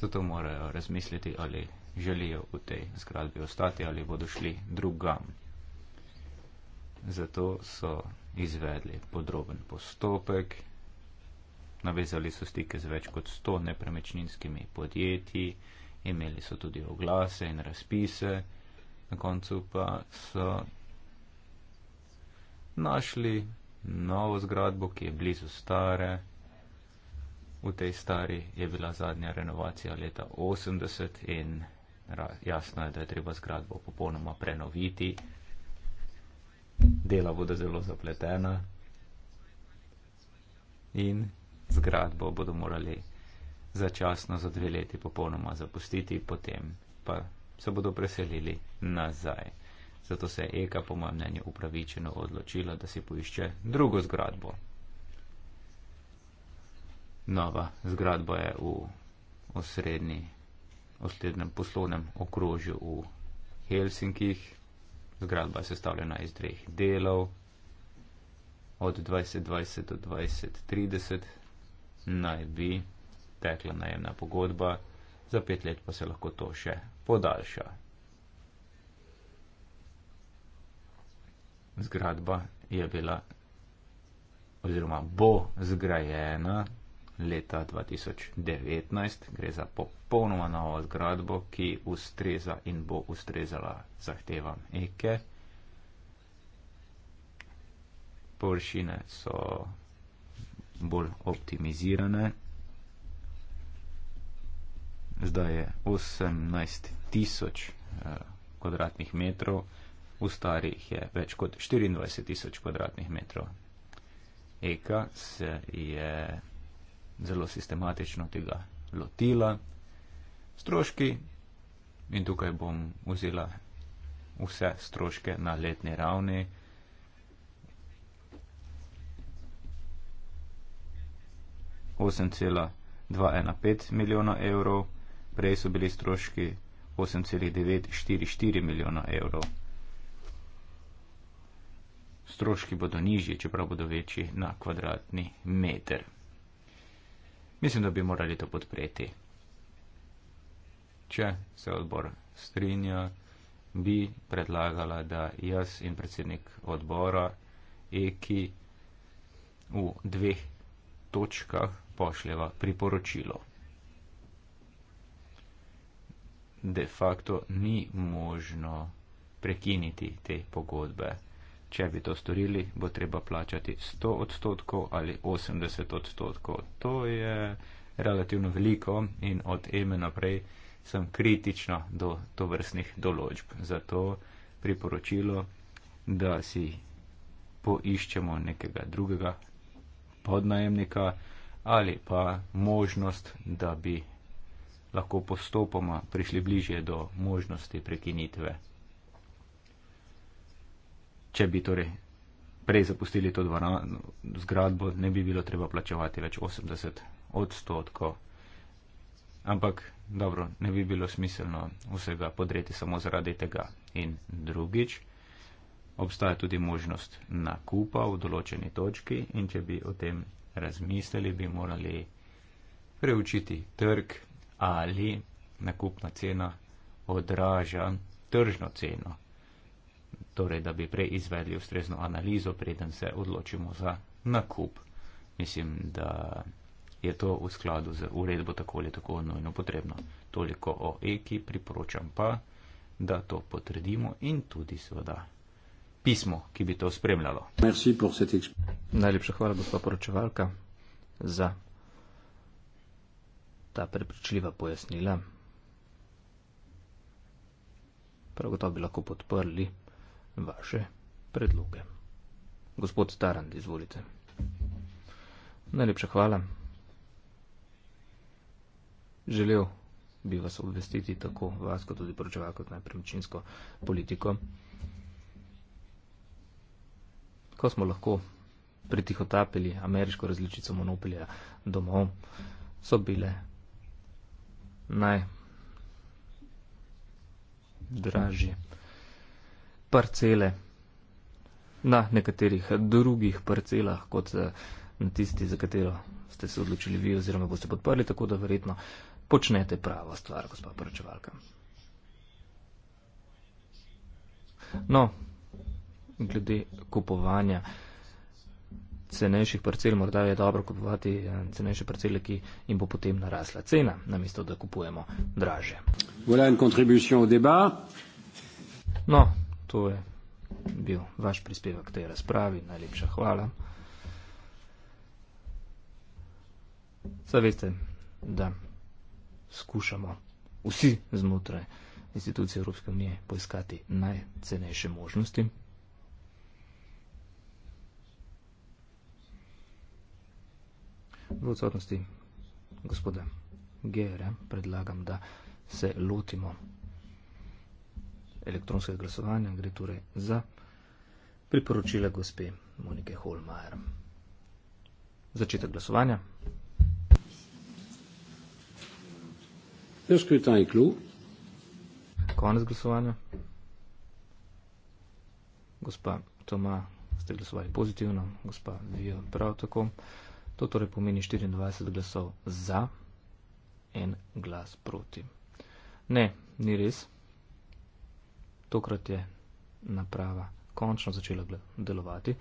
Zato morajo razmisliti, ali želijo v tej zgradbi ostati ali bodo šli drugam. Zato so izvedli podroben postopek. Navezali so stike z več kot 100 nepremičninskimi podjetji, imeli so tudi oglase in razpise, na koncu pa so našli novo zgradbo, ki je blizu stare. V tej stari je bila zadnja renovacija leta 80 in jasno je, da je treba zgradbo popolnoma prenoviti. Dela bodo zelo zapletena in zgradbo bodo morali začasno za dve leti popolnoma zapustiti, potem pa se bodo preselili nazaj zato se je Eka, po mojem mnenju, upravičeno odločila, da si poišče drugo zgradbo. Nova zgradba je v osrednji, osrednjem poslovnem okrožju v Helsinkih. Zgradba je sestavljena iz dveh delov, od 2020 do 2030 naj bi tekla najemna pogodba, za pet let pa se lahko to še podaljša. zgradba je bila oziroma bo zgrajena leta 2019. Gre za popolnoma novo zgradbo, ki ustreza in bo ustrezala zahtevam Eke. Površine so bolj optimizirane. Zdaj je 18 tisoč eh, kvadratnih metrov, v starih je več kot 24 tisoč kvadratnih metrov. Eka se je zelo sistematično tega lotila. Stroški, in tukaj bom vzela vse stroške na letni ravni, osem cela dva ena pet milijona evrov, prej so bili stroški osem cela devet štiri štiri milijona evrov stroški bodo nižji, čeprav bodo večji na kvadratni meter. Mislim, da bi morali to podpreti. Če se odbor strinja, bi predlagala, da jaz in predsednik odbora Eki v dveh točkah pošljeva priporočilo. De facto ni možno prekiniti te pogodbe. Če bi to storili, bo treba plačati 100 odstotkov ali 80 odstotkov. To je relativno veliko in od eme naprej sem kritična do tovrstnih določb. Zato priporočilo, da si poiščemo nekega drugega podnajemnika ali pa možnost, da bi lahko postopoma prišli bližje do možnosti prekinitve če bi torej prej zapustili to dvorano, zgradbo, ne bi bilo treba plačevati več 80 odstotkov. Ampak dobro, ne bi bilo smiselno vsega podreti samo zaradi tega. In drugič, obstaja tudi možnost nakupa v določeni točki in če bi o tem razmislili, bi morali preučiti trg ali nakupna cena odraža tržno ceno torej da bi prej izvedli ustrezno analizo, preden se odločimo za nakup. Mislim, da je to v skladu z uredbo tako ali tako nujno potrebno. Toliko o EKI, priporočam pa, da to potrdimo in tudi seveda pismo, ki bi to spremljalo. Najlepša hvala, gospod poročevalka, za ta prepričljiva pojasnila. Prav gotovo bi lahko podprli vaše predloge. Gospod Tarand, izvolite. Najlepša hvala. Želel bi vas obvestiti tako vas, kot tudi poročevalko, kot najpremičninsko politiko. Ko smo lahko pritihotapili ameriško različico monopolja domov, so bile najdražje. Hmm parcele na nekaterih drugih parcelah, kot eh, na tisti, za katero ste se odločili vi oziroma boste podprli, tako da verjetno počnete pravo stvar, gospa poročevalka. No, glede kupovanja cenejših parcel, morda je dobro kupovati eh, cenejše parcele, ki jim bo potem narasla cena, namesto da kupujemo draže. Voilà une contribution au débat. No, to je bil vaš prispevek k tej razpravi. Najlepša hvala. Zaveste, da skušamo vsi znotraj institucije Evropske unije poiskati najcenejše možnosti. V odsotnosti gospoda Gera predlagam, da se lotimo elektronskega glasovanja, gre torej za priporočila gospe Monike Holmajer. Začetek glasovanja. Konec glasovanja. Gospa Toma, ste glasovali pozitivno, gospa Vijo prav tako. To torej pomeni 24 glasov za, en glas proti. Ne, ni res. Tokrat je naprava končno začela delovati.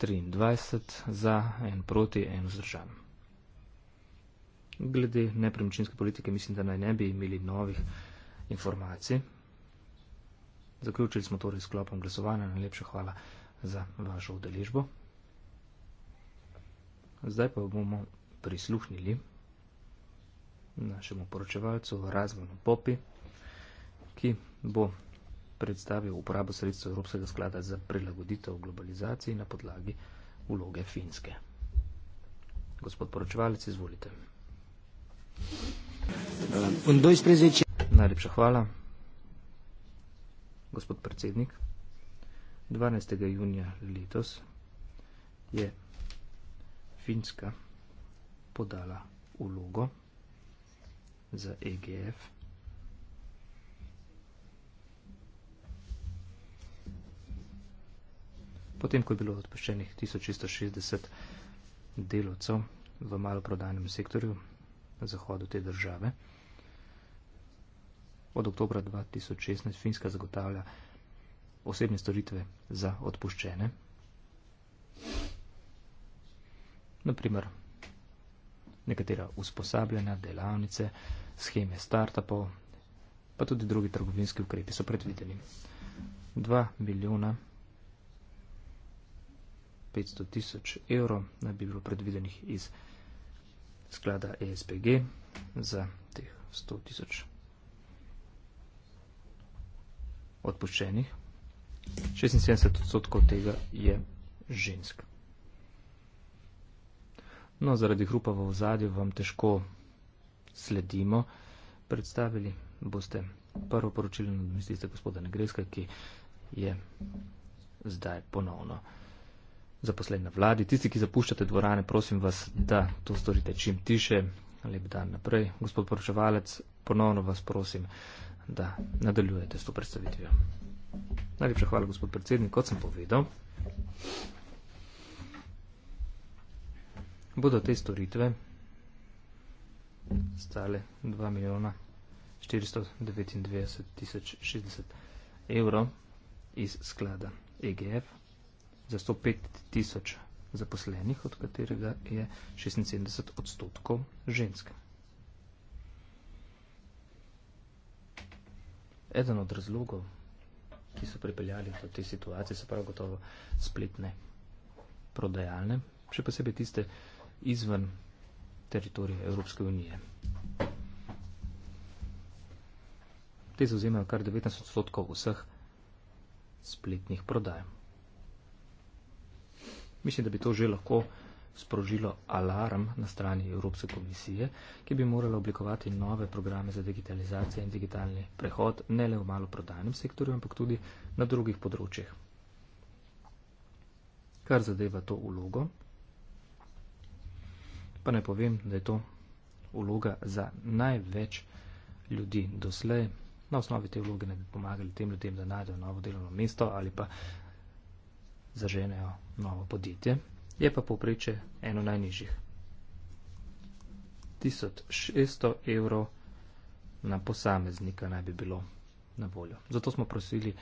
23 za, en proti, en vzdržan. Glede nepremičninske politike mislim, da naj ne bi imeli novih informacij. Zaključili smo torej sklopom glasovanja. Najlepša hvala za vašo udeležbo. Zdaj pa bomo prisluhnili našemu poročevalcu Razvonu Popi ki bo predstavil uporabo sredstva Evropskega sklada za prilagoditev globalizaciji na podlagi vloge Finske. Gospod poročevalec, izvolite. Najlepša hvala. Gospod predsednik, 12. junija letos je Finska podala vlogo za EGF potem ko je bilo odpuščenih 1660 delovcev v maloprodajnem sektorju na zahodu te države. Od oktobra 2016 Finska zagotavlja osebne storitve za odpuščene. Naprimer, nekatera usposabljanja, delavnice, scheme startupov, pa tudi drugi trgovinski ukrepi so predvideni. 2 milijona 500 tisoč evrov naj bi bilo predvidenih iz sklada ESBG za teh 100 tisoč odpuščenih. 76 odstotkov tega je žensk. No, zaradi hrupa v ozadju vam težko sledimo. Predstavili boste prvo poročilo na domestice gospoda Negreska, ki je zdaj ponovno vzadju zaposleni na vladi, tisti, ki zapuščate dvorane, prosim vas, da to storite čim tiše. Lep dan naprej. Gospod poročevalec, ponovno vas prosim, da nadaljujete s to predstavitvijo. Najlepša hvala, gospod predsednik. Kot sem povedal, bodo te storitve stale 2 milijona 429 tisoč 60 evrov iz sklada EGF za 105 tisoč zaposlenih, od katerega je 76 odstotkov žensk. Eden od razlogov, ki so pripeljali do te situacije, so prav gotovo spletne prodajalne, še posebej tiste izven teritorija Evropske unije. Te zauzemajo kar 19 odstotkov vseh spletnih prodajev. Mislim, da bi to že lahko sprožilo alarm na strani Evropske komisije, ki bi morala oblikovati nove programe za digitalizacijo in digitalni prehod, ne le v maloprodajnem sektorju, ampak tudi na drugih področjih. Kar zadeva to ulogo, pa ne povem, da je to uloga za največ ljudi doslej. Na osnovi te vloge ne bi pomagali tem ljudem, da najdejo novo delovno mesto ali pa zaženejo novo podjetje, je pa poprečje eno najnižjih. 1600 evrov na posameznika naj bi bilo na voljo. Zato smo prosili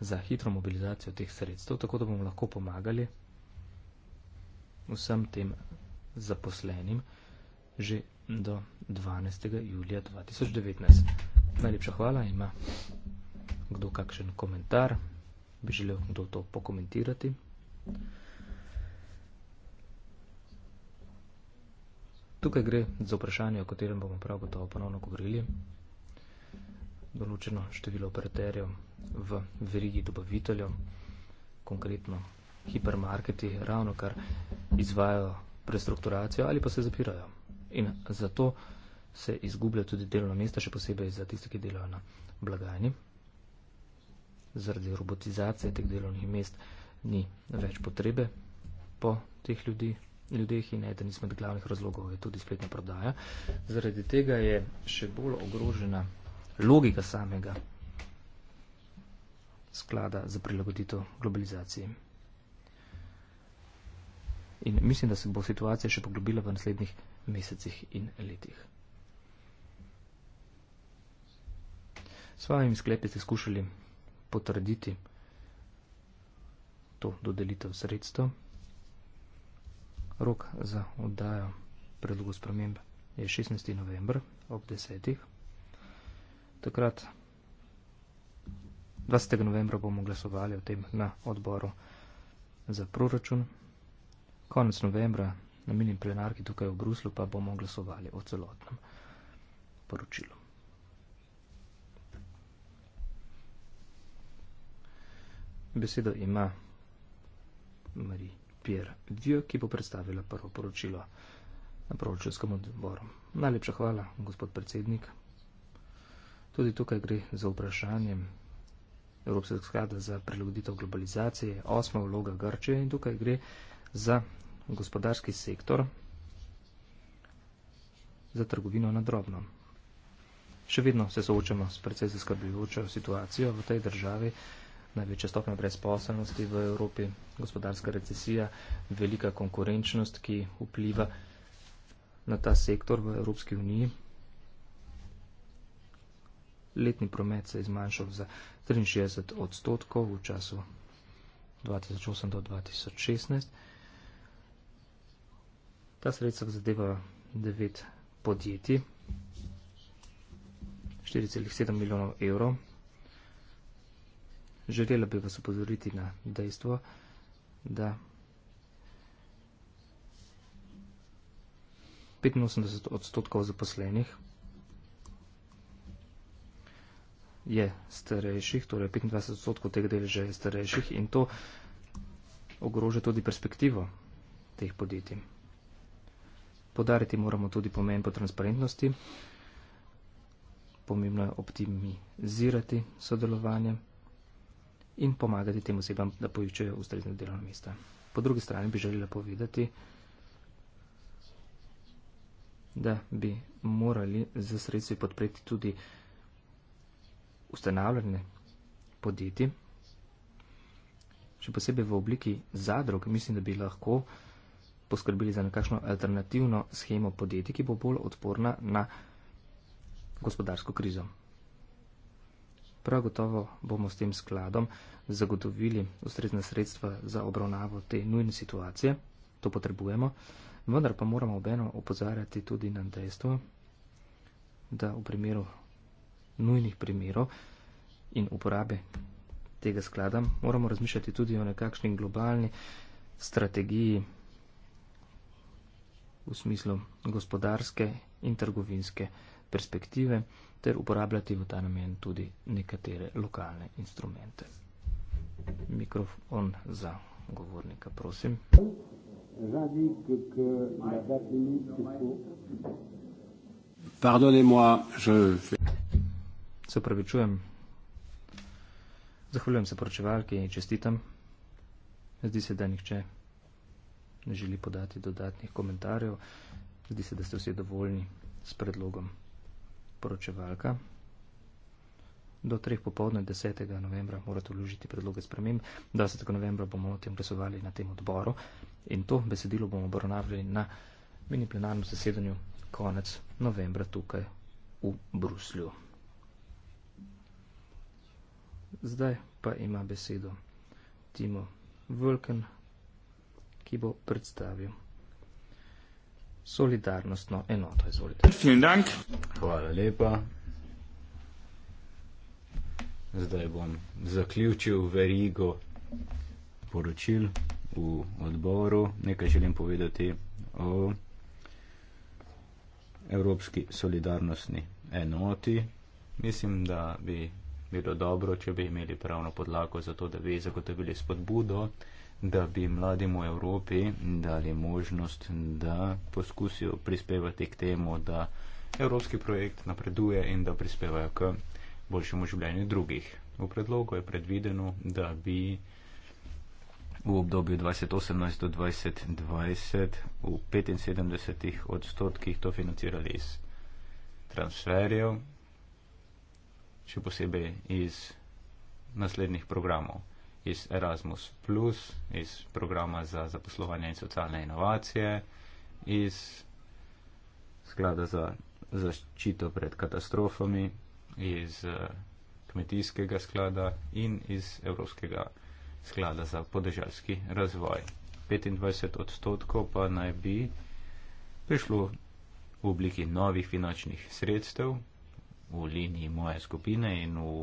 za hitro mobilizacijo teh sredstev, tako da bomo lahko pomagali vsem tem zaposlenim že do 12. julija 2019. Najlepša hvala, ima kdo kakšen komentar? bi želel kdo to pokomentirati. Tukaj gre za vprašanje, o katerem bomo prav gotovo ponovno govorili. Določeno število operaterjev v verigi dobaviteljev, konkretno hipermarketi, ravno kar izvajo prestrukturacijo ali pa se zapirajo. In zato se izgublja tudi delovna mesta, še posebej za tiste, ki delajo na blagajni, zaradi robotizacije teh delovnih mest ni več potrebe po teh ljudi, ljudeh in eden izmed glavnih razlogov je tudi spletna prodaja. Zaradi tega je še bolj ogrožena logika samega sklada za prilagoditev globalizaciji. In mislim, da se bo situacija še poglobila v naslednjih mesecih in letih. S svojimi sklepi ste skušali potrditi to dodelitev sredstev. Rok za oddajo predlogu sprememb je 16. november ob 10. Takrat 20. novembra bomo glasovali o tem na odboru za proračun. Konec novembra na minim plenarki tukaj v Bruslu pa bomo glasovali o celotnem poročilu. Besedo ima Marie Pierre Dio, ki bo predstavila prvo poročilo na proročilskem odboru. Najlepša hvala, gospod predsednik. Tudi tukaj gre za vprašanje Evropskega sklada za prilagoditev globalizacije, osma vloga Grčije in tukaj gre za gospodarski sektor, za trgovino na drobno. Še vedno se soočamo s precej zaskrbljujočo situacijo v tej državi največja stopnja brezposobnosti v Evropi, gospodarska recesija, velika konkurenčnost, ki vpliva na ta sektor v Evropski uniji. Letni promet se je zmanjšal za 63 odstotkov v času 2008 do 2016. Ta sredstva zadeva 9 podjetij, 4,7 milijonov evrov. Želela bi vas upozoriti na dejstvo, da 85 odstotkov zaposlenih je starejših, torej 25 odstotkov tega dela že je starejših in to ogroža tudi perspektivo teh podjetij. Podariti moramo tudi pomen po transparentnosti, pomembno je optimizirati sodelovanje in pomagati tem osebam, da poiščejo ustrezne delovne mesta. Po drugi strani bi želela povedati, da bi morali za sredstvi podpreti tudi ustanavljanje podjetij, še posebej v obliki zadrug, mislim, da bi lahko poskrbeli za nekakšno alternativno schemo podjetij, ki bo bolj odporna na gospodarsko krizo. Prav gotovo bomo s tem skladom zagotovili ustrezna sredstva za obravnavo te nujne situacije, to potrebujemo, vendar pa moramo obeno opozarjati tudi na dejstvo, da v primeru nujnih primerov in uporabe tega sklada moramo razmišljati tudi o nekakšni globalni strategiji v smislu gospodarske in trgovinske strategije perspektive ter uporabljati v ta namen tudi nekatere lokalne instrumente. Mikrofon za govornika, prosim. Radi k, k Pardonnez-moi, je Se pravi, čujem. Zahvaljujem se poročevalki in čestitam. Zdi se, da nihče ne želi podati dodatnih komentarjev. Zdi se, da ste vsi dovoljni s predlogom poročevalka. Do 3. popoldne 10. novembra morate vložiti predloge sprememb. 20. novembra bomo o tem glasovali na tem odboru in to besedilo bomo obravnavali na mini plenarnem zasedanju konec novembra tukaj v Bruslju. Zdaj pa ima besedo Timo Vulken, ki bo predstavil solidarnostno enoto. Izvolite. Hvala lepa. Zdaj bom zaključil verigo poročil v odboru. Nekaj želim povedati o Evropski solidarnostni enoti. Mislim, da bi bilo dobro, če bi imeli pravno podlago za to, da bi zagotovili spodbudo da bi mladim v Evropi dali možnost, da poskusijo prispevati k temu, da evropski projekt napreduje in da prispevajo k boljšemu življenju drugih. V predlogu je predvideno, da bi v obdobju 2018 do 2020 v 75 odstotkih to financirali iz transferjev, še posebej iz naslednjih programov iz Erasmus, plus, iz programa za zaposlovanje in socialne inovacije, iz sklada za zaščito pred katastrofami, iz eh, kmetijskega sklada in iz Evropskega sklada za podeželski razvoj. 25 odstotkov pa naj bi prišlo v obliki novih finančnih sredstev v liniji moje skupine in v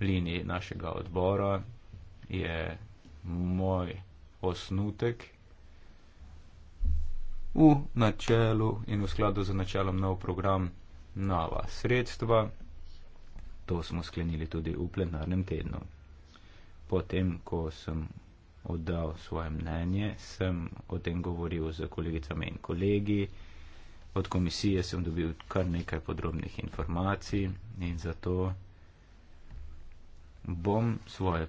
liniji našega odbora je moj osnutek v načelu in v skladu z načelom nov program nova sredstva. To smo sklenili tudi v plenarnem tednu. Potem, ko sem oddal svoje mnenje, sem o tem govoril z kolegicami in kolegi. Od komisije sem dobil kar nekaj podrobnih informacij in zato bom svoje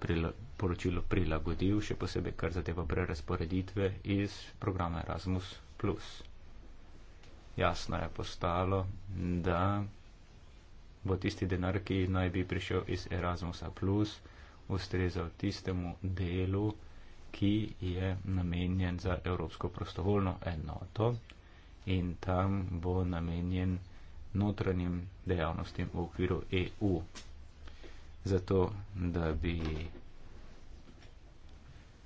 poročilo prilagodil, še posebej kar zadeva prerasporeditve iz programa Erasmus. Jasno je postalo, da bo tisti denar, ki naj bi prišel iz Erasmusa, ustrezal tistemu delu, ki je namenjen za Evropsko prostovoljno enoto in tam bo namenjen notranjim dejavnostim v okviru EU zato, da bi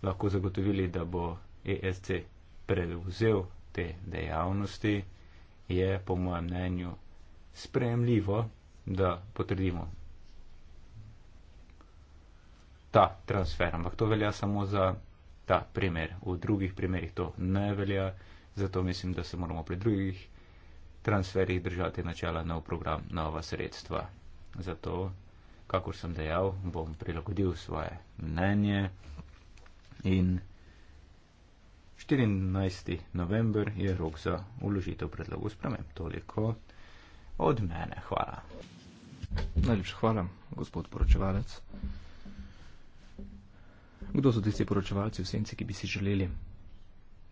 lahko zagotovili, da bo ESC prevzel te dejavnosti, je po mojem mnenju spremljivo, da potrdimo ta transfer. Ampak to velja samo za ta primer. V drugih primerih to ne velja, zato mislim, da se moramo pri drugih transferih držati načela nov program, nova sredstva. Zato kakor sem dejal, bom prilagodil svoje mnenje. In 14. november je rok za uložitev predlogov sprememb. Toliko od mene. Hvala. Najlepša hvala, gospod poročevalec. Kdo so tisti poročevalci v senci, ki bi si želeli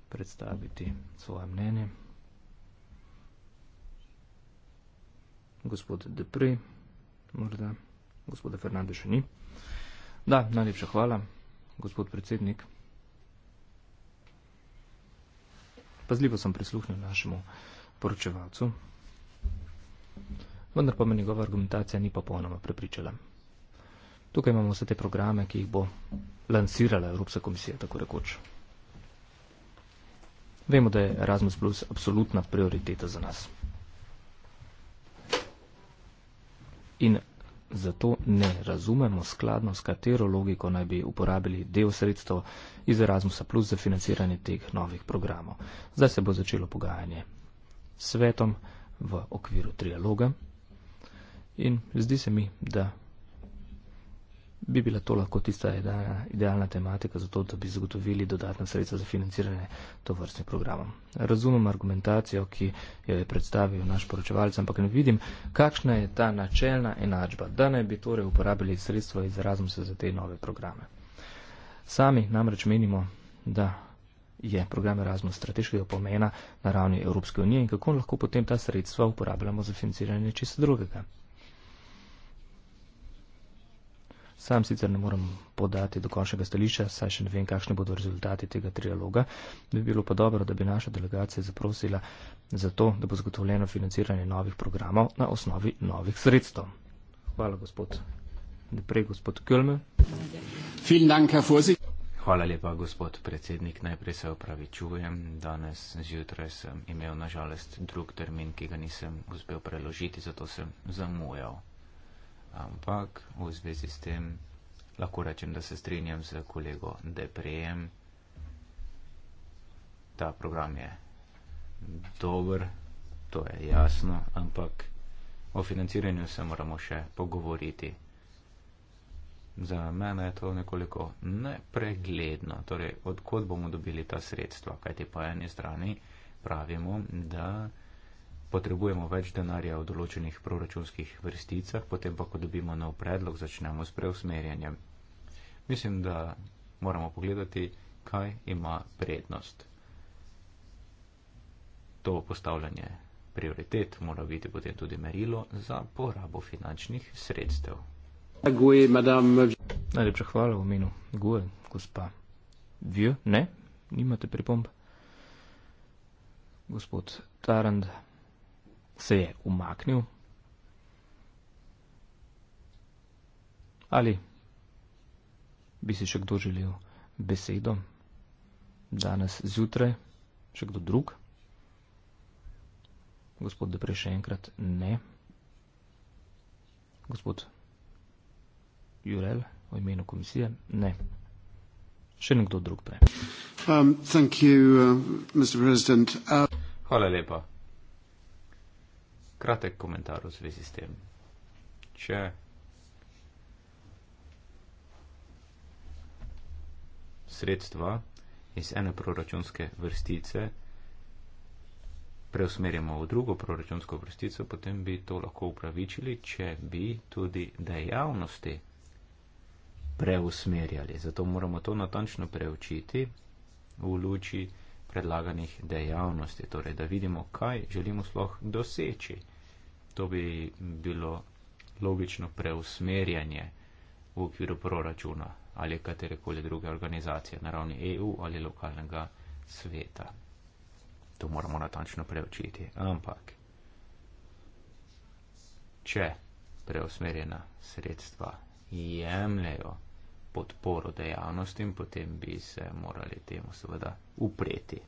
predstaviti svoje mnenje? Gospod Depri, morda gospoda Fernande še ni. Da, najlepša hvala, gospod predsednik. Pazljivo sem prisluhnil našemu poročevalcu, vendar pa me njegova argumentacija ni popolnoma prepričala. Tukaj imamo vse te programe, ki jih bo lansirala Evropska komisija, tako rekoč. Vemo, da je Erasmus Plus absolutna prioriteta za nas. In zato ne razumemo skladno, s katero logiko naj bi uporabili del sredstev iz Erasmusa plus za financiranje teh novih programov. Zdaj se bo začelo pogajanje s svetom v okviru trialoga in zdi se mi, da bi bila to lahko tista idealna, idealna tematika za to, da bi zagotovili dodatna sredstva za financiranje to vrstnih programov. Razumem argumentacijo, ki jo je predstavil naš poročevalec, ampak ne vidim, kakšna je ta načelna enačba, da ne bi torej uporabili sredstva iz Erasmusa za te nove programe. Sami namreč menimo, da je program Erasmus strateškega pomena na ravni Evropske unije in kako lahko potem ta sredstva uporabljamo za financiranje česa drugega. Sam sicer ne morem podati dokončnega stališča, saj še ne vem, kakšne bodo rezultati tega trialoga. Bi bilo pa dobro, da bi naša delegacija zaprosila za to, da bo zagotovljeno financiranje novih programov na osnovi novih sredstev. Hvala, gospod. Najprej gospod Kölme. Hvala lepa, gospod predsednik. Najprej se opravičujem. Danes zjutraj sem imel nažalost drug termin, ki ga nisem uspel preložiti, zato sem zamujal ampak v zvezi s tem lahko rečem, da se strinjam z kolego Deprejem. Ta program je dober, to je jasno, ampak o financiranju se moramo še pogovoriti. Za mene je to nekoliko nepregledno, torej odkot bomo dobili ta sredstva, kajti po eni strani pravimo, da potrebujemo več denarja v določenih proračunskih vrsticah, potem pa, ko dobimo nov predlog, začnemo s preusmerjanjem. Mislim, da moramo pogledati, kaj ima prednost. To postavljanje prioritet mora biti potem tudi merilo za porabo finančnih sredstev. Najlepša hvala v imenu. Gue, gospa. Vju, ne? Nimate pripomb? Gospod Tarand se je umaknil. Ali bi si še kdo želel besedo danes zjutraj, še kdo drug? Gospod Depre, še enkrat ne. Gospod Jurel, v imenu komisije, ne. Še nekdo drug prej. Um, thank you, uh, Mr. President. Uh... Hvala lepa kratek komentar v zvezi s tem. Če sredstva iz ene proračunske vrstice preusmerjamo v drugo proračunsko vrstico, potem bi to lahko upravičili, če bi tudi dejavnosti preusmerjali. Zato moramo to natančno preučiti v luči predlaganih dejavnosti, torej da vidimo, kaj želimo sploh doseči. To bi bilo logično preusmerjanje v okviru proračuna ali katerekoli druge organizacije na ravni EU ali lokalnega sveta. To moramo natančno preučiti. Ampak, če preusmerjena sredstva jemljajo podporo dejavnostim, potem bi se morali temu seveda upreti.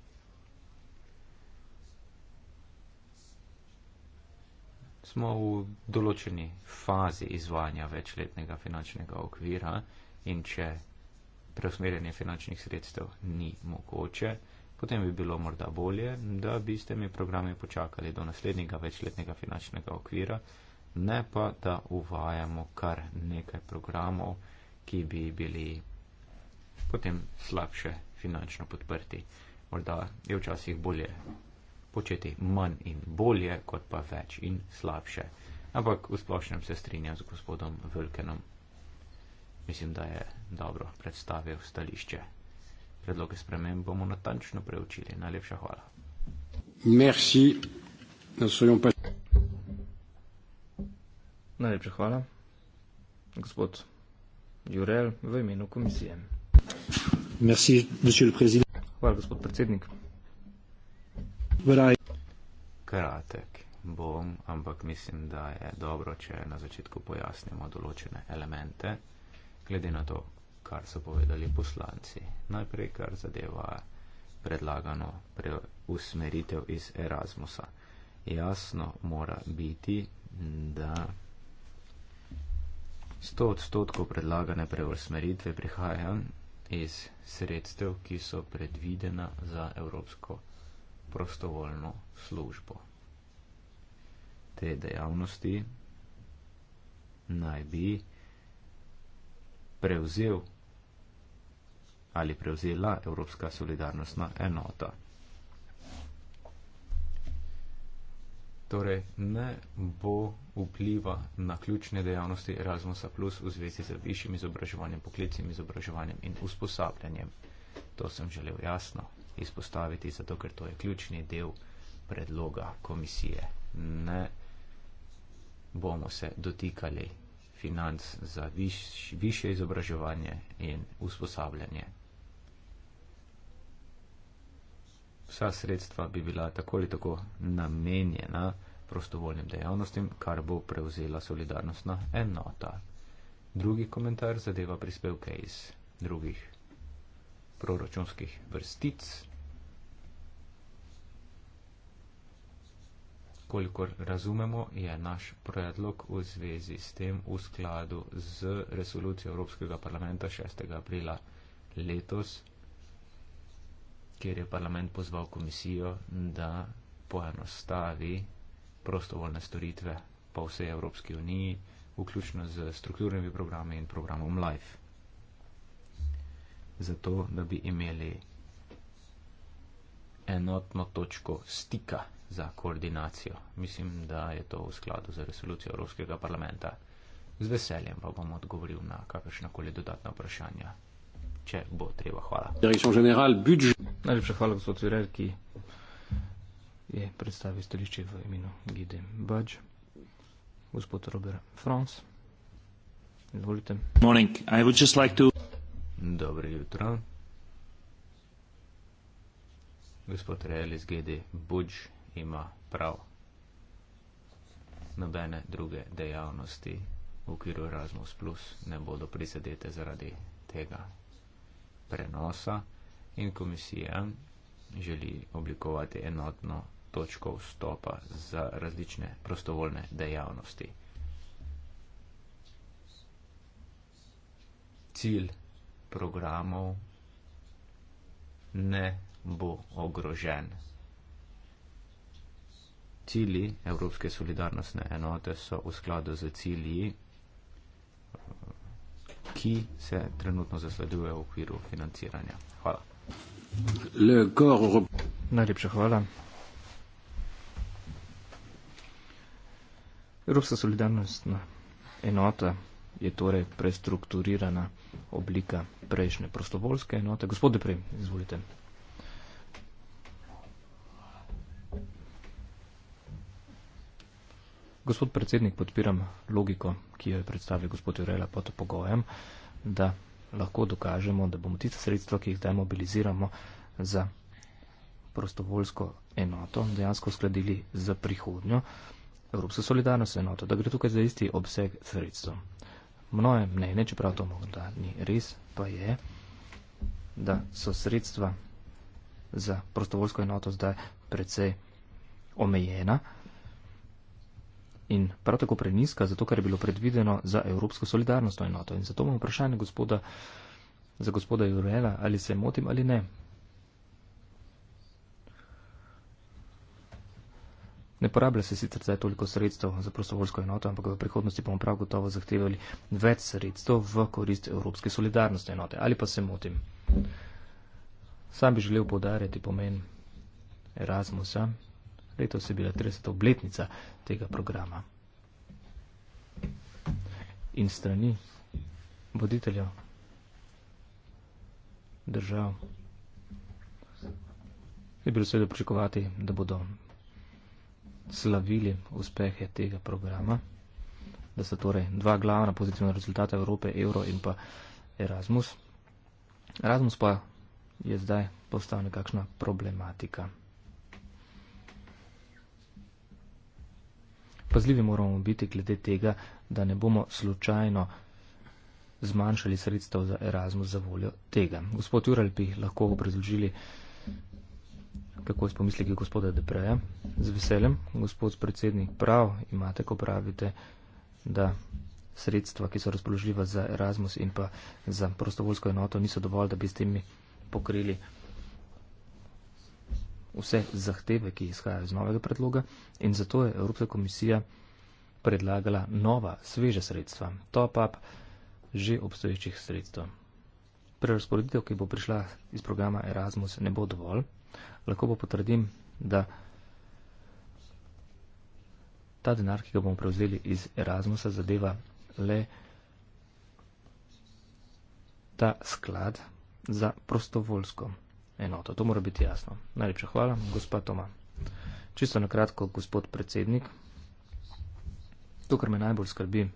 smo v določeni fazi izvajanja večletnega finančnega okvira in če preusmerjanje finančnih sredstev ni mogoče, potem bi bilo morda bolje, da bi s temi programi počakali do naslednjega večletnega finančnega okvira, ne pa da uvajamo kar nekaj programov, ki bi bili potem slabše finančno podprti. Morda je včasih bolje početi manj in bolje, kot pa več in slabše. Ampak v splošnem se strinjam z gospodom Vilkenom. Mislim, da je dobro predstavil stališče. Predloge sprememb bomo natančno preučili. Najlepša hvala. Merci. Najlepša hvala, gospod Jurel, v imenu komisije. Merci, hvala, gospod predsednik. Vraj. Kratek bom, ampak mislim, da je dobro, če na začetku pojasnimo določene elemente, glede na to, kar so povedali poslanci. Najprej, kar zadeva predlagano pre usmeritev iz Erasmusa. Jasno mora biti, da 100 odstotkov predlagane preusmeritve prihaja iz sredstev, ki so predvidena za Evropsko unijo prostovoljno službo. Te dejavnosti naj bi prevzel ali prevzela Evropska solidarnostna enota. Torej ne bo vpliva na ključne dejavnosti Erasmusa Plus v zvezi z višjim izobraževanjem, poklicnim izobraževanjem in usposabljanjem. To sem želel jasno izpostaviti, zato ker to je ključni del predloga komisije. Ne bomo se dotikali financ za viš, više izobraževanje in usposabljanje. Vsa sredstva bi bila tako ali tako namenjena prostovoljnim dejavnostim, kar bo prevzela solidarnostna enota. Drugi komentar zadeva prispevke iz drugih proračunskih vrstic, kolikor razumemo, je naš predlog v zvezi s tem v skladu z resolucijo Evropskega parlamenta 6. aprila letos, kjer je parlament pozval komisijo, da poenostavi prostovoljne storitve po vsej Evropski uniji, vključno z strukturnimi programi in programom LIFE zato da bi imeli enotno točko stika za koordinacijo. Mislim, da je to v skladu z resolucijo Evropskega parlamenta. Z veseljem pa bom odgovoril na kakršnakoli dodatna vprašanja, če bo treba. Hvala. Najlepša hvala, gospod Virel, ki je predstavil stališče v imenu Gide Bač. Gospod Robert Franz, izvolite. Morning. I would just like to... Dobro jutro. Gospod Realis GD Budž ima prav nobene druge dejavnosti v okviru Erasmus Plus ne bodo prizadete zaradi tega prenosa in komisija želi oblikovati enotno točko vstopa za različne prostovoljne dejavnosti. Cilj programov ne bo ogrožen. Cili Evropske solidarnostne enote so v skladu z cilji, ki se trenutno zasleduje v okviru financiranja. Hvala. Najlepša hvala. Evropska solidarnostna enota je torej prestrukturirana oblika prejšnje prostovoljske enote. Gospod Deprej, izvolite. Gospod predsednik, podpiram logiko, ki jo je predstavil gospod Jurela pod pogojem, da lahko dokažemo, da bomo tiste sredstva, ki jih zdaj mobiliziramo za prostovoljsko enoto, dejansko skladili za prihodnjo Evropsko solidarnost enoto, da gre tukaj za isti obseg sredstva. Mnoje mnenje, čeprav to mogo, da ni res, pa je, da so sredstva za prostovoljsko enoto zdaj precej omejena in prav tako preniska, zato ker je bilo predvideno za Evropsko solidarnostno enoto. In zato imam vprašanje gospoda, za gospoda Jurela, ali se motim ali ne. Ne porablja se sicer zdaj toliko sredstev za prostovoljsko enoto, ampak v prihodnosti bomo prav gotovo zahtevali več sredstev v korist Evropske solidarnostne enote. Ali pa se motim? Sam bi želel podarjati pomen Erasmusa. Letos je bila 30. obletnica tega programa. In strani voditeljev držav. Je bilo seveda pričakovati, da bodo slavili uspehe tega programa, da so torej dva glavna pozitivna rezultata Evrope, Euro in pa Erasmus. Erasmus pa je zdaj postal nekakšna problematika. Pazljivi moramo biti glede tega, da ne bomo slučajno zmanjšali sredstev za Erasmus za voljo tega. Gospod Jural bi lahko obrazložili kako s pomisliki gospoda Depreja. Z veseljem, gospod predsednik, prav imate, ko pravite, da sredstva, ki so razpoložljiva za Erasmus in pa za prostovoljsko enoto, niso dovolj, da bi s temi pokrili vse zahteve, ki izhajajo iz novega predloga. In zato je Evropska komisija predlagala nova, sveže sredstva, top-up že obstoječih sredstev. Prerasporeditev, ki bo prišla iz programa Erasmus, ne bo dovolj lahko pa potrdim, da ta denar, ki ga bomo prevzeli iz Erasmusa, zadeva le ta sklad za prostovoljsko enoto. To mora biti jasno. Najlepša hvala, gospa Toma. Čisto na kratko, gospod predsednik, to, kar me najbolj skrbi,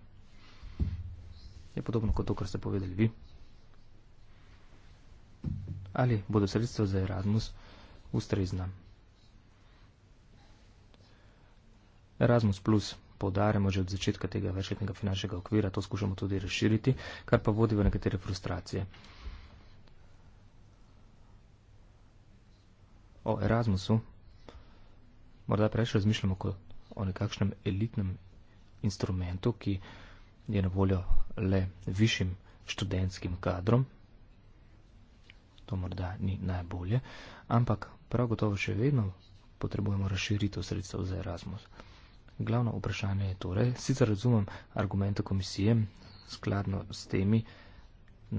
je podobno kot to, kar ste povedali vi. Ali bodo sredstva za Erasmus? ustrezna. Erasmus Plus podaremo že od začetka tega večletnega finančnega okvira, to skušamo tudi razširiti, kar pa vodi v nekatere frustracije. O Erasmusu morda preveč razmišljamo kot o nekakšnem elitnem instrumentu, ki je na voljo le višjim študentskim kadrom. To morda ni najbolje, ampak prav gotovo še vedno potrebujemo razširitev sredstev za Erasmus. Glavno vprašanje je torej, sicer razumem argumente komisije, skladno s temi,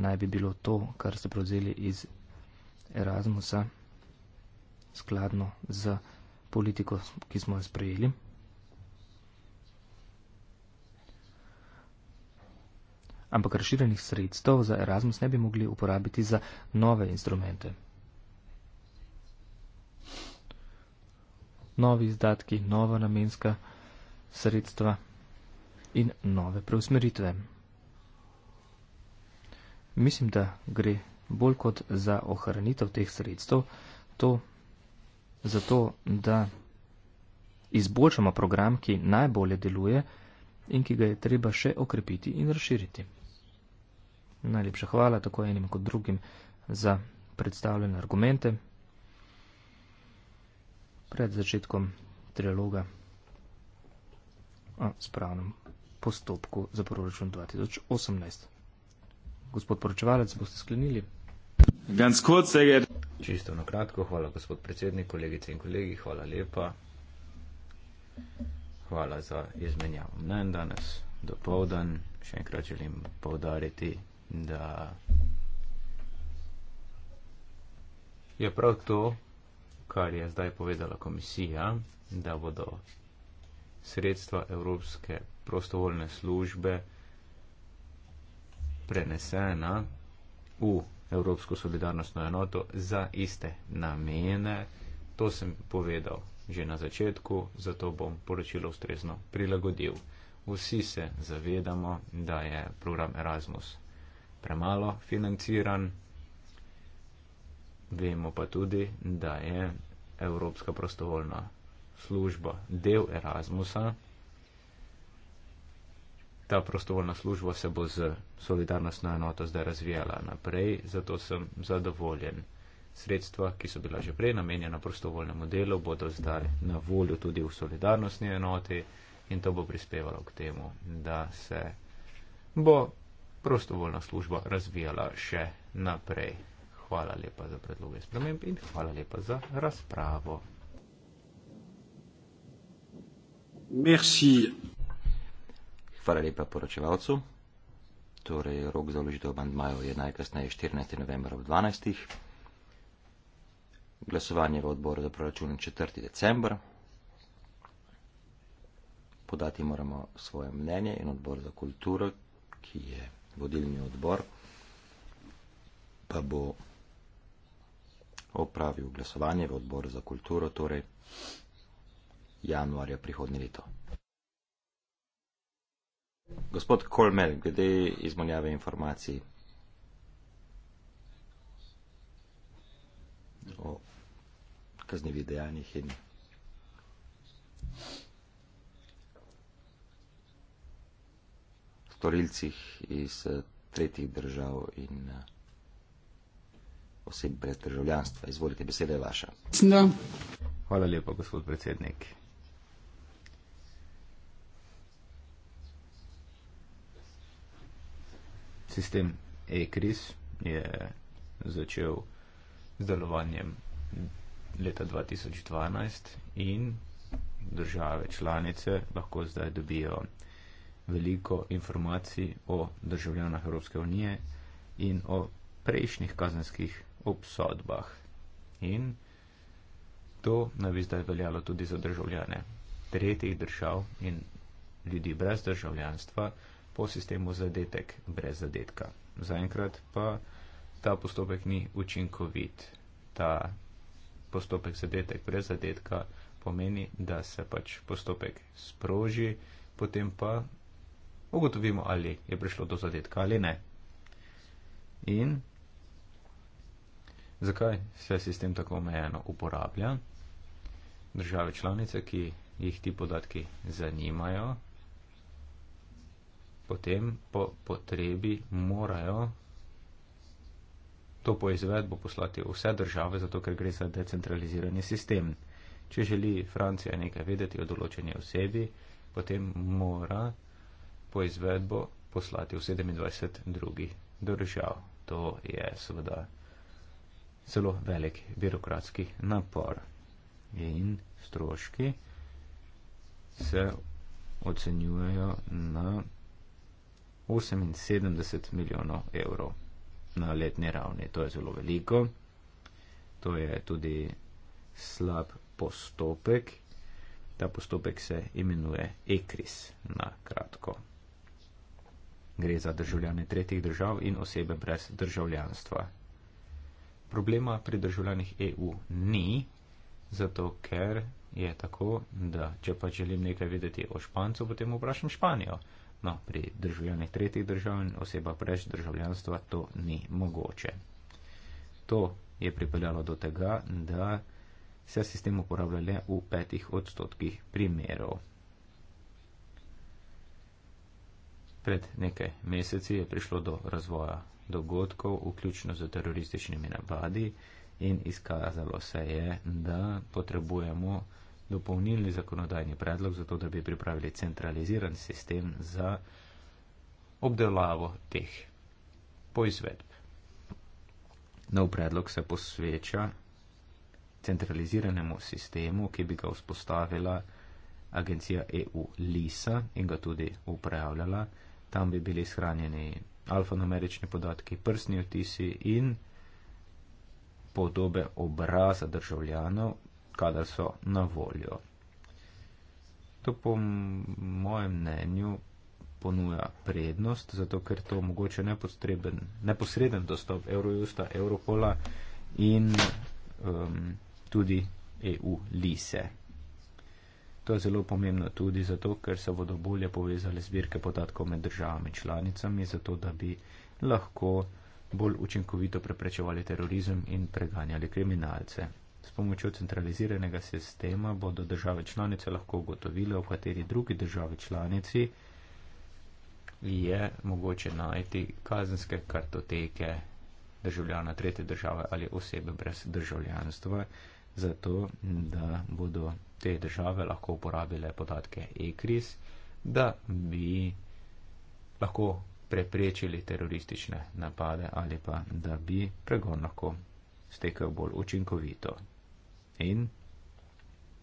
naj bi bilo to, kar ste prevzeli iz Erasmusa, skladno z politiko, ki smo jo sprejeli. Ampak razširjenih sredstev za Erasmus ne bi mogli uporabiti za nove instrumente. novi izdatki, nova namenska sredstva in nove preusmeritve. Mislim, da gre bolj kot za ohranitev teh sredstev, to zato, da izboljšamo program, ki najbolje deluje in ki ga je treba še okrepiti in razširiti. Najlepša hvala tako enim kot drugim za predstavljene argumente pred začetkom triloga o spravnem postopku za proračun 2018. Gospod poročevalec, boste sklenili? Ganz kurz, sehr geehrt. Čisto na kratko, hvala gospod predsednik, kolegice in kolegi, hvala lepa. Hvala za izmenjavo mnen danes, do povdan. Še enkrat želim povdariti, da je prav to, kar je zdaj povedala komisija, da bodo sredstva Evropske prostovoljne službe prenesena v Evropsko solidarnostno enoto za iste namene. To sem povedal že na začetku, zato bom poročilo ustrezno prilagodil. Vsi se zavedamo, da je program Erasmus premalo financiran, Vemo pa tudi, da je Evropska prostovoljna služba del Erasmusa. Ta prostovoljna služba se bo z solidarnostno enoto zdaj razvijala naprej, zato sem zadovoljen. Sredstva, ki so bila že prej namenjena prostovoljnemu delu, bodo zdaj na voljo tudi v solidarnostni enoti in to bo prispevalo k temu, da se bo prostovoljna služba razvijala še naprej hvala lepa za predloge sprememb in hvala lepa za razpravo. Merci. Hvala lepa poročevalcu. Torej, rok za vložitev bandmajev je najkasneje 14. novembra ob 12. Glasovanje v odboru za proračun 4. decembr. Podati moramo svoje mnenje in odbor za kulturo, ki je vodilni odbor, pa bo opravil glasovanje v odbor za kulturo, torej januarja prihodnje leto. Gospod Kolmel, glede izmenjave informacij o kaznjivih dejanjih in. Torilcih iz tretjih držav in eh, oseb brez državljanstva. Izvolite, beseda je vaša. Da. Hvala lepa, gospod predsednik. Sistem e-kriz je začel z delovanjem leta 2012 in države članice lahko zdaj dobijo veliko informacij o državljanah Evropske unije in o prejšnjih kazenskih obsodbah. In to naj bi zdaj veljalo tudi za državljane tretjih držav in ljudi brez državljanstva po sistemu zadetek brez zadetka. Zaenkrat pa ta postopek ni učinkovit. Ta postopek zadetek brez zadetka pomeni, da se pač postopek sproži, potem pa ugotovimo, ali je prišlo do zadetka ali ne. In Zakaj se sistem tako omejeno uporablja? Države članice, ki jih ti podatki zanimajo, potem po potrebi morajo to po izvedbo poslati vse države, zato ker gre za decentralizirani sistem. Če želi Francija nekaj vedeti o določeni osebi, potem mora po izvedbo poslati v 27 drugih držav. To je seveda zelo velik birokratski napor. In stroški se ocenjujejo na 78 milijonov evrov na letni ravni. To je zelo veliko. To je tudi slab postopek. Ta postopek se imenuje ECRIS na kratko. Gre za državljane tretjih držav in osebe brez državljanstva. Problema pri državljanih EU ni, zato ker je tako, da če pa želim nekaj vedeti o Špancu, potem vprašam Španijo. No, pri državljanih tretjih držav in oseba preč državljanstva to ni mogoče. To je pripeljalo do tega, da se sistem uporablja le v petih odstotkih primerov. Pred nekaj meseci je prišlo do razvoja dogodkov, vključno z terorističnimi napadi in izkazalo se je, da potrebujemo dopolnilni zakonodajni predlog za to, da bi pripravili centraliziran sistem za obdelavo teh poizvedb. Nov predlog se posveča centraliziranemu sistemu, ki bi ga vzpostavila agencija EU LISA in ga tudi upravljala. Tam bi bili shranjeni alfanumerični podatki, prstni otisi in podobe obraza državljanov, kadar so na voljo. To po mojem mnenju ponuja prednost, zato ker to omogoča neposreden dostop Eurojusta, Europola in um, tudi EU-lise. To je zelo pomembno tudi zato, ker se bodo bolje povezali zbirke podatkov med državami članicami, zato da bi lahko bolj učinkovito preprečevali terorizem in preganjali kriminalce. S pomočjo centraliziranega sistema bodo države članice lahko ugotovile, v kateri drugi državi članici je mogoče najti kazenske kartoteke državljana tretje države ali osebe brez državljanstva zato da bodo te države lahko uporabile podatke ECRIS, da bi lahko preprečili teroristične napade ali pa da bi pregon lahko stekel bolj učinkovito. In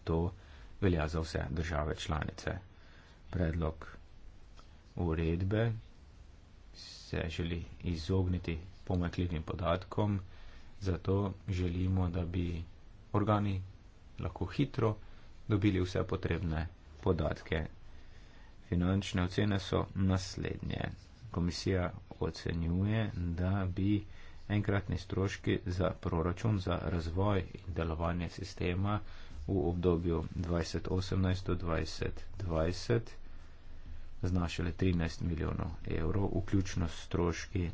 to velja za vse države članice. Predlog uredbe se želi izogniti pomakljivim podatkom, zato želimo, da bi organi lahko hitro dobili vse potrebne podatke. Finančne ocene so naslednje. Komisija ocenjuje, da bi enkratni stroški za proračun za razvoj in delovanje sistema v obdobju 2018-2020 znašali 13 milijonov evrov, vključno stroški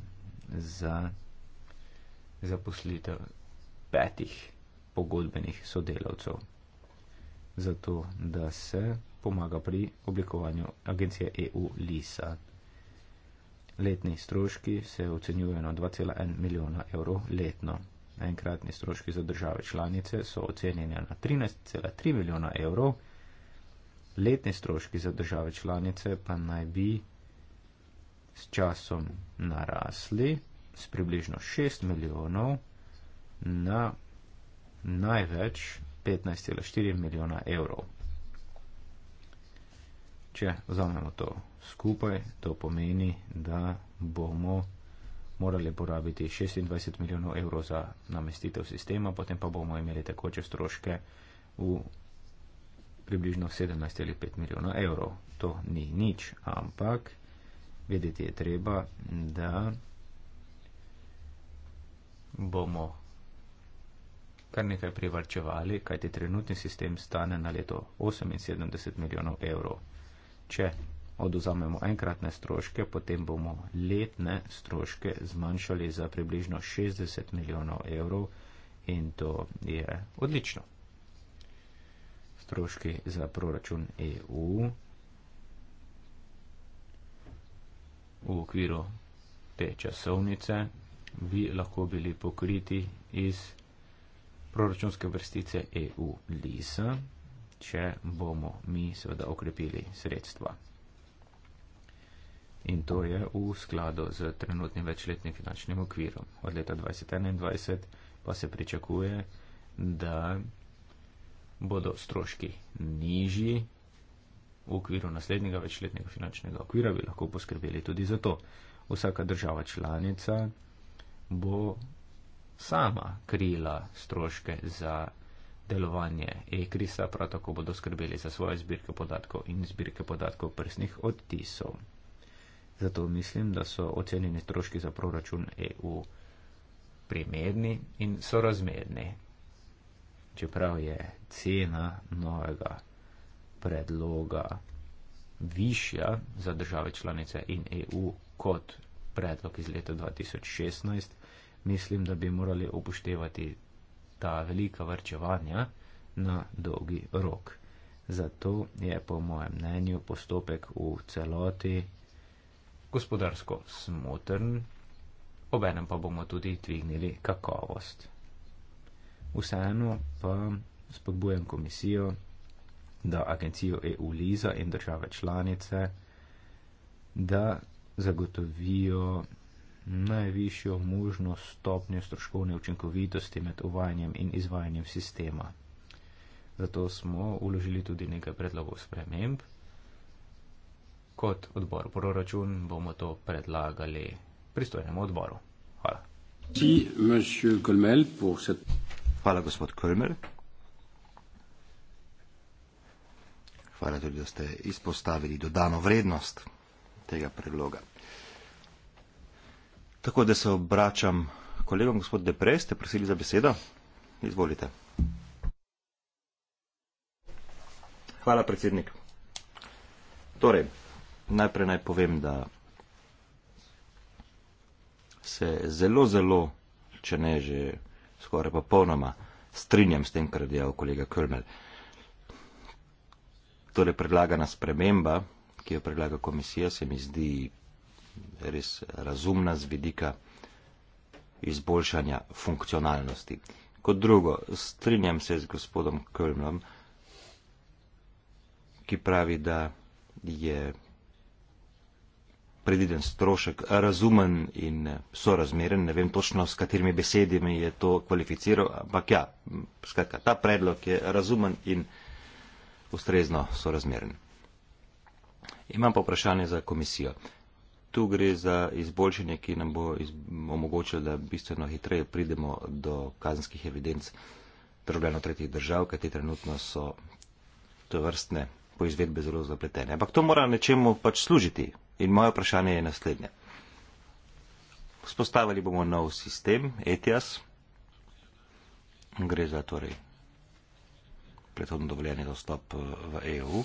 za zaposlitev petih pogodbenih sodelavcev. Zato, da se pomaga pri oblikovanju agencije EU LISA. Letni stroški se ocenjujejo na 2,1 milijona evrov letno. Enkratni stroški za države članice so ocenjeni na 13,3 milijona evrov. Letni stroški za države članice pa naj bi s časom narasli s približno 6 milijonov na največ 15,4 milijona evrov. Če vzamemo to skupaj, to pomeni, da bomo morali porabiti 26 milijonov evrov za namestitev sistema, potem pa bomo imeli tekoče stroške v približno 17,5 milijona evrov. To ni nič, ampak vedeti je treba, da bomo kar nekaj privrčevali, kajti trenutni sistem stane na leto 78 milijonov evrov. Če oduzamemo enkratne stroške, potem bomo letne stroške zmanjšali za približno 60 milijonov evrov in to je odlično. Stroški za proračun EU v okviru te časovnice bi lahko bili pokriti iz proračunske vrstice EU LISA, če bomo mi seveda okrepili sredstva. In to je v skladu z trenutnim večletnim finančnim okvirom. Od leta 2021 pa se pričakuje, da bodo stroški nižji. V okviru naslednjega večletnega finančnega okvira bi lahko poskrbeli tudi za to. Vsaka država članica bo sama krila stroške za delovanje e-krisa, prav tako bodo skrbeli za svoje zbirke podatkov in zbirke podatkov prsnih odtisov. Zato mislim, da so ocenjeni stroški za proračun EU primerni in sorazmerni. Čeprav je cena novega predloga višja za države članice in EU kot predlog iz leta 2016, mislim, da bi morali upoštevati ta velika vrčevanja na dolgi rok. Zato je po mojem mnenju postopek v celoti gospodarsko smotrn, obenem pa bomo tudi dvignili kakovost. Vseeno pa spodbujem komisijo, da agencijo EU Liza in države članice, da zagotovijo najvišjo možno stopnjo stroškovne učinkovitosti med uvajanjem in izvajanjem sistema. Zato smo uložili tudi nekaj predlogov sprememb. Kot odbor proračun bomo to predlagali pristojnemu odboru. Hvala. Hvala, gospod Kolmer. Hvala tudi, da ste izpostavili dodano vrednost tega predloga. Tako da se obračam kolegom, gospod Deprej, ste prosili za besedo? Izvolite. Hvala, predsednik. Torej, najprej naj povem, da se zelo, zelo, če ne že skoraj popolnoma, strinjam s tem, kar je dejal kolega Krmel. Torej, predlagana sprememba, ki jo predlaga komisija, se mi zdi res razumna z vidika izboljšanja funkcionalnosti. Kot drugo, strinjam se z gospodom Kölnom, ki pravi, da je prediden strošek razumen in sorazmeren, ne vem točno s katerimi besedimi je to kvalificiral, ampak ja, skratka, ta predlog je razumen in ustrezno sorazmeren. Imam pa vprašanje za komisijo tu gre za izboljšanje, ki nam bo omogočilo, da bistveno hitreje pridemo do kazenskih evidenc državljanov tretjih držav, kajti trenutno so to vrstne poizvedbe zelo zapletene. Ampak to mora nečemu pač služiti. In moje vprašanje je naslednje. Spostavili bomo nov sistem, ETIAS. Gre za torej predhodno dovoljenje dostop eh, v EU.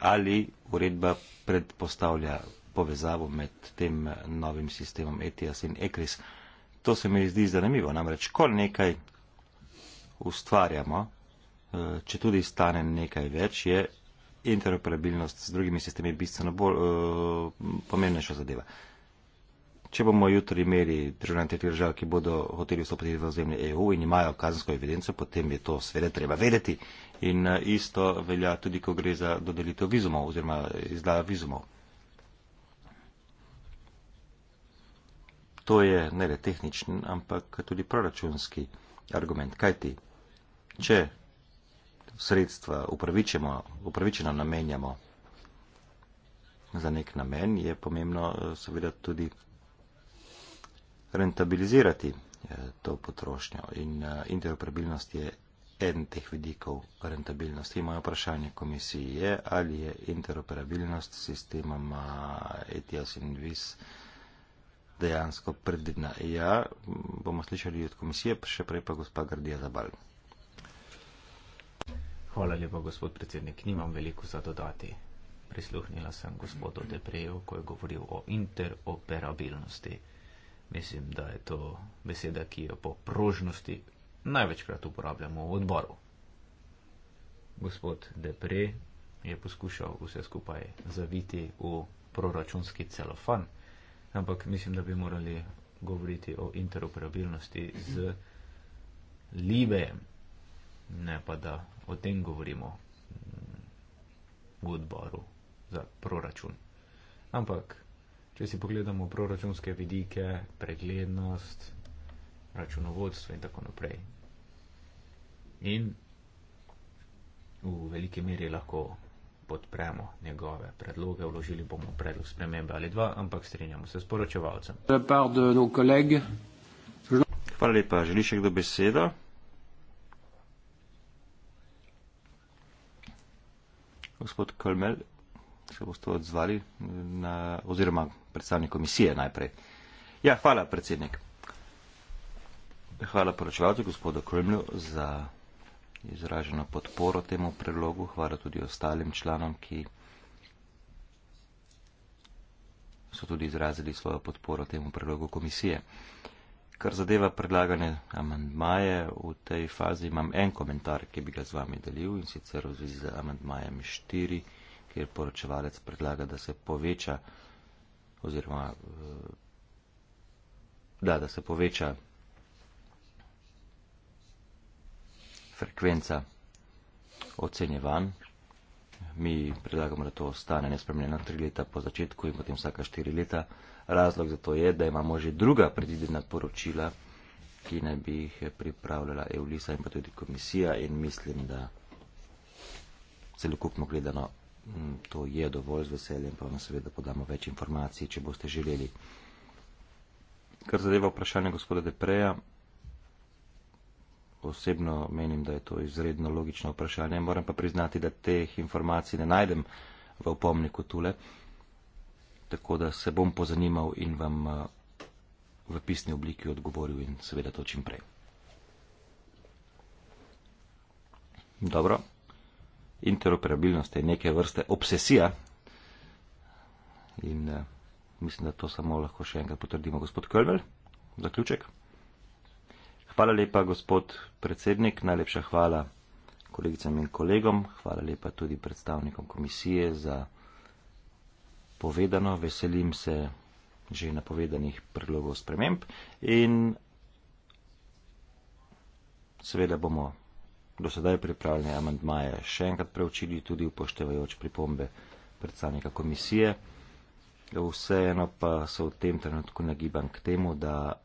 Ali uredba predpostavlja povezavo med tem eh, novim sistemom ETS in ECRIS. To se mi zdi zanimivo, namreč, ko nekaj ustvarjamo, eh, če tudi stane nekaj več, je interoperabilnost z drugimi sistemi bistveno bolj uh, pomembnejša zadeva. Če bomo jutri imeli državljane tretjih držav, ki bodo hoteli vstopiti v ozemlje EU in imajo kazensko evidenco, potem je to seveda treba vedeti. In isto velja tudi, ko gre za dodelitev vizumov oziroma izdajo vizumov. To je ne le tehničen, ampak tudi proračunski argument. Kaj ti? Če sredstva upravičeno namenjamo za nek namen, je pomembno eh, seveda tudi rentabilizirati eh, to potrošnjo. In eh, interoperabilnost je eden teh vidikov rentabilnosti. Moje vprašanje komisiji je, ali je interoperabilnost sistemama ETS in VIS dejansko predvidna. Ja, bomo slišali od komisije, še prej pa gospa Gardija Zabal. Hvala lepa, gospod predsednik. Nimam veliko za dodati. Prisluhnila sem gospodu Deprejo, ko je govoril o interoperabilnosti. Mislim, da je to beseda, ki jo po prožnosti največkrat uporabljamo v odboru. Gospod Deprej je poskušal vse skupaj zaviti v proračunski celofan ampak mislim, da bi morali govoriti o interoperabilnosti z Libejem, ne pa da o tem govorimo v odboru za proračun. Ampak, če si pogledamo proračunske vidike, preglednost, računovodstvo in tako naprej. In v veliki meri lahko podpremo njegove predloge, vložili bomo predlog spremembe ali dva, ampak strinjamo se s poročevalcem. Hvala lepa, želi še kdo besedo? Gospod Kolmel, se boste odzvali na, oziroma predstavnik komisije najprej. Ja, hvala predsednik. Hvala poročevalcu, gospodu Kolmelu, za izraženo podporo temu predlogu. Hvala tudi ostalim članom, ki so tudi izrazili svojo podporo temu predlogu komisije. Kar zadeva predlagane amandmaje, v tej fazi imam en komentar, ki bi ga z vami delil in sicer v zvezi z amandmajem 4, kjer poročevalec predlaga, da se poveča oziroma eh, da, da se poveča frekvenca ocenjevanj. Mi predlagamo, da to ostane nespremenjeno tri leta po začetku in potem vsaka štiri leta. Razlog za to je, da imamo že druga predvidena poročila, ki naj bi jih pripravljala EULISA in pa tudi komisija in mislim, da celokupno gledano mm, to je dovolj z veseljem, pa vam seveda podamo več informacij, če boste želeli. Kar zadeva vprašanje gospoda Depreja, osebno menim, da je to izredno logično vprašanje. Moram pa priznati, da teh informacij ne najdem v opomniku tule, tako da se bom pozanimal in vam eh, v pisni obliki odgovoril in seveda to čim prej. Dobro. Interoperabilnost je neke vrste obsesija in eh, mislim, da to samo lahko še enkrat potrdimo. Gospod Kölmer, zaključek. Hvala lepa, gospod predsednik, najlepša hvala kolegicam in kolegom, hvala lepa tudi predstavnikom komisije za povedano. Veselim se že napovedanih predlogov sprememb in seveda bomo do sedaj pripravljene amandmaje še enkrat preučili, tudi upoštevajoč pripombe predstavnika komisije. Vseeno pa so v tem trenutku nagiban k temu, da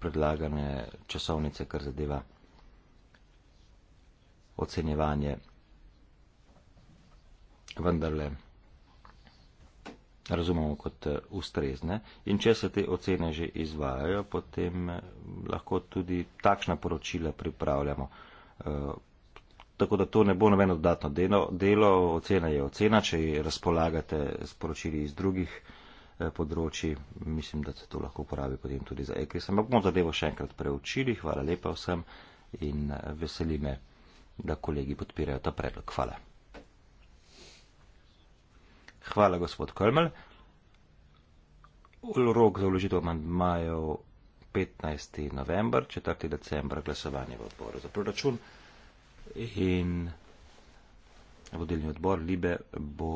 predlagane časovnice, kar zadeva ocenjevanje. Vendarle razumemo kot eh, ustrezne in če se te ocene že izvajajo, potem eh, lahko tudi takšna poročila pripravljamo. Eh, tako da to ne bo nobeno dodatno delo, ocena je ocena, če razpolagate s poročili iz drugih. Eh, področji, mislim, da se to lahko uporabi potem tudi za ekvis. Ampak bomo zadevo še enkrat preučili. Hvala lepa vsem in eh, veseli me, da kolegi podpirajo ta predlog. Hvala. Hvala, gospod Kölmel. Rok za vložitev amandmajev 15. november, 4. decembra, glasovanje v odboru za proračun in vodilni odbor Libe bo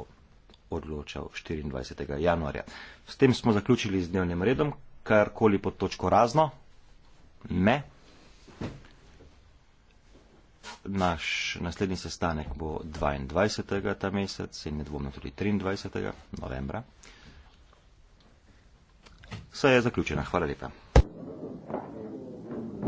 odločal 24. januarja. S tem smo zaključili z dnevnim redom, karkoli pod točko razno, me. Naš naslednji sestanek bo 22. ta mesec in nedvomno tudi 23. novembra. Vse je zaključeno. Hvala lepa.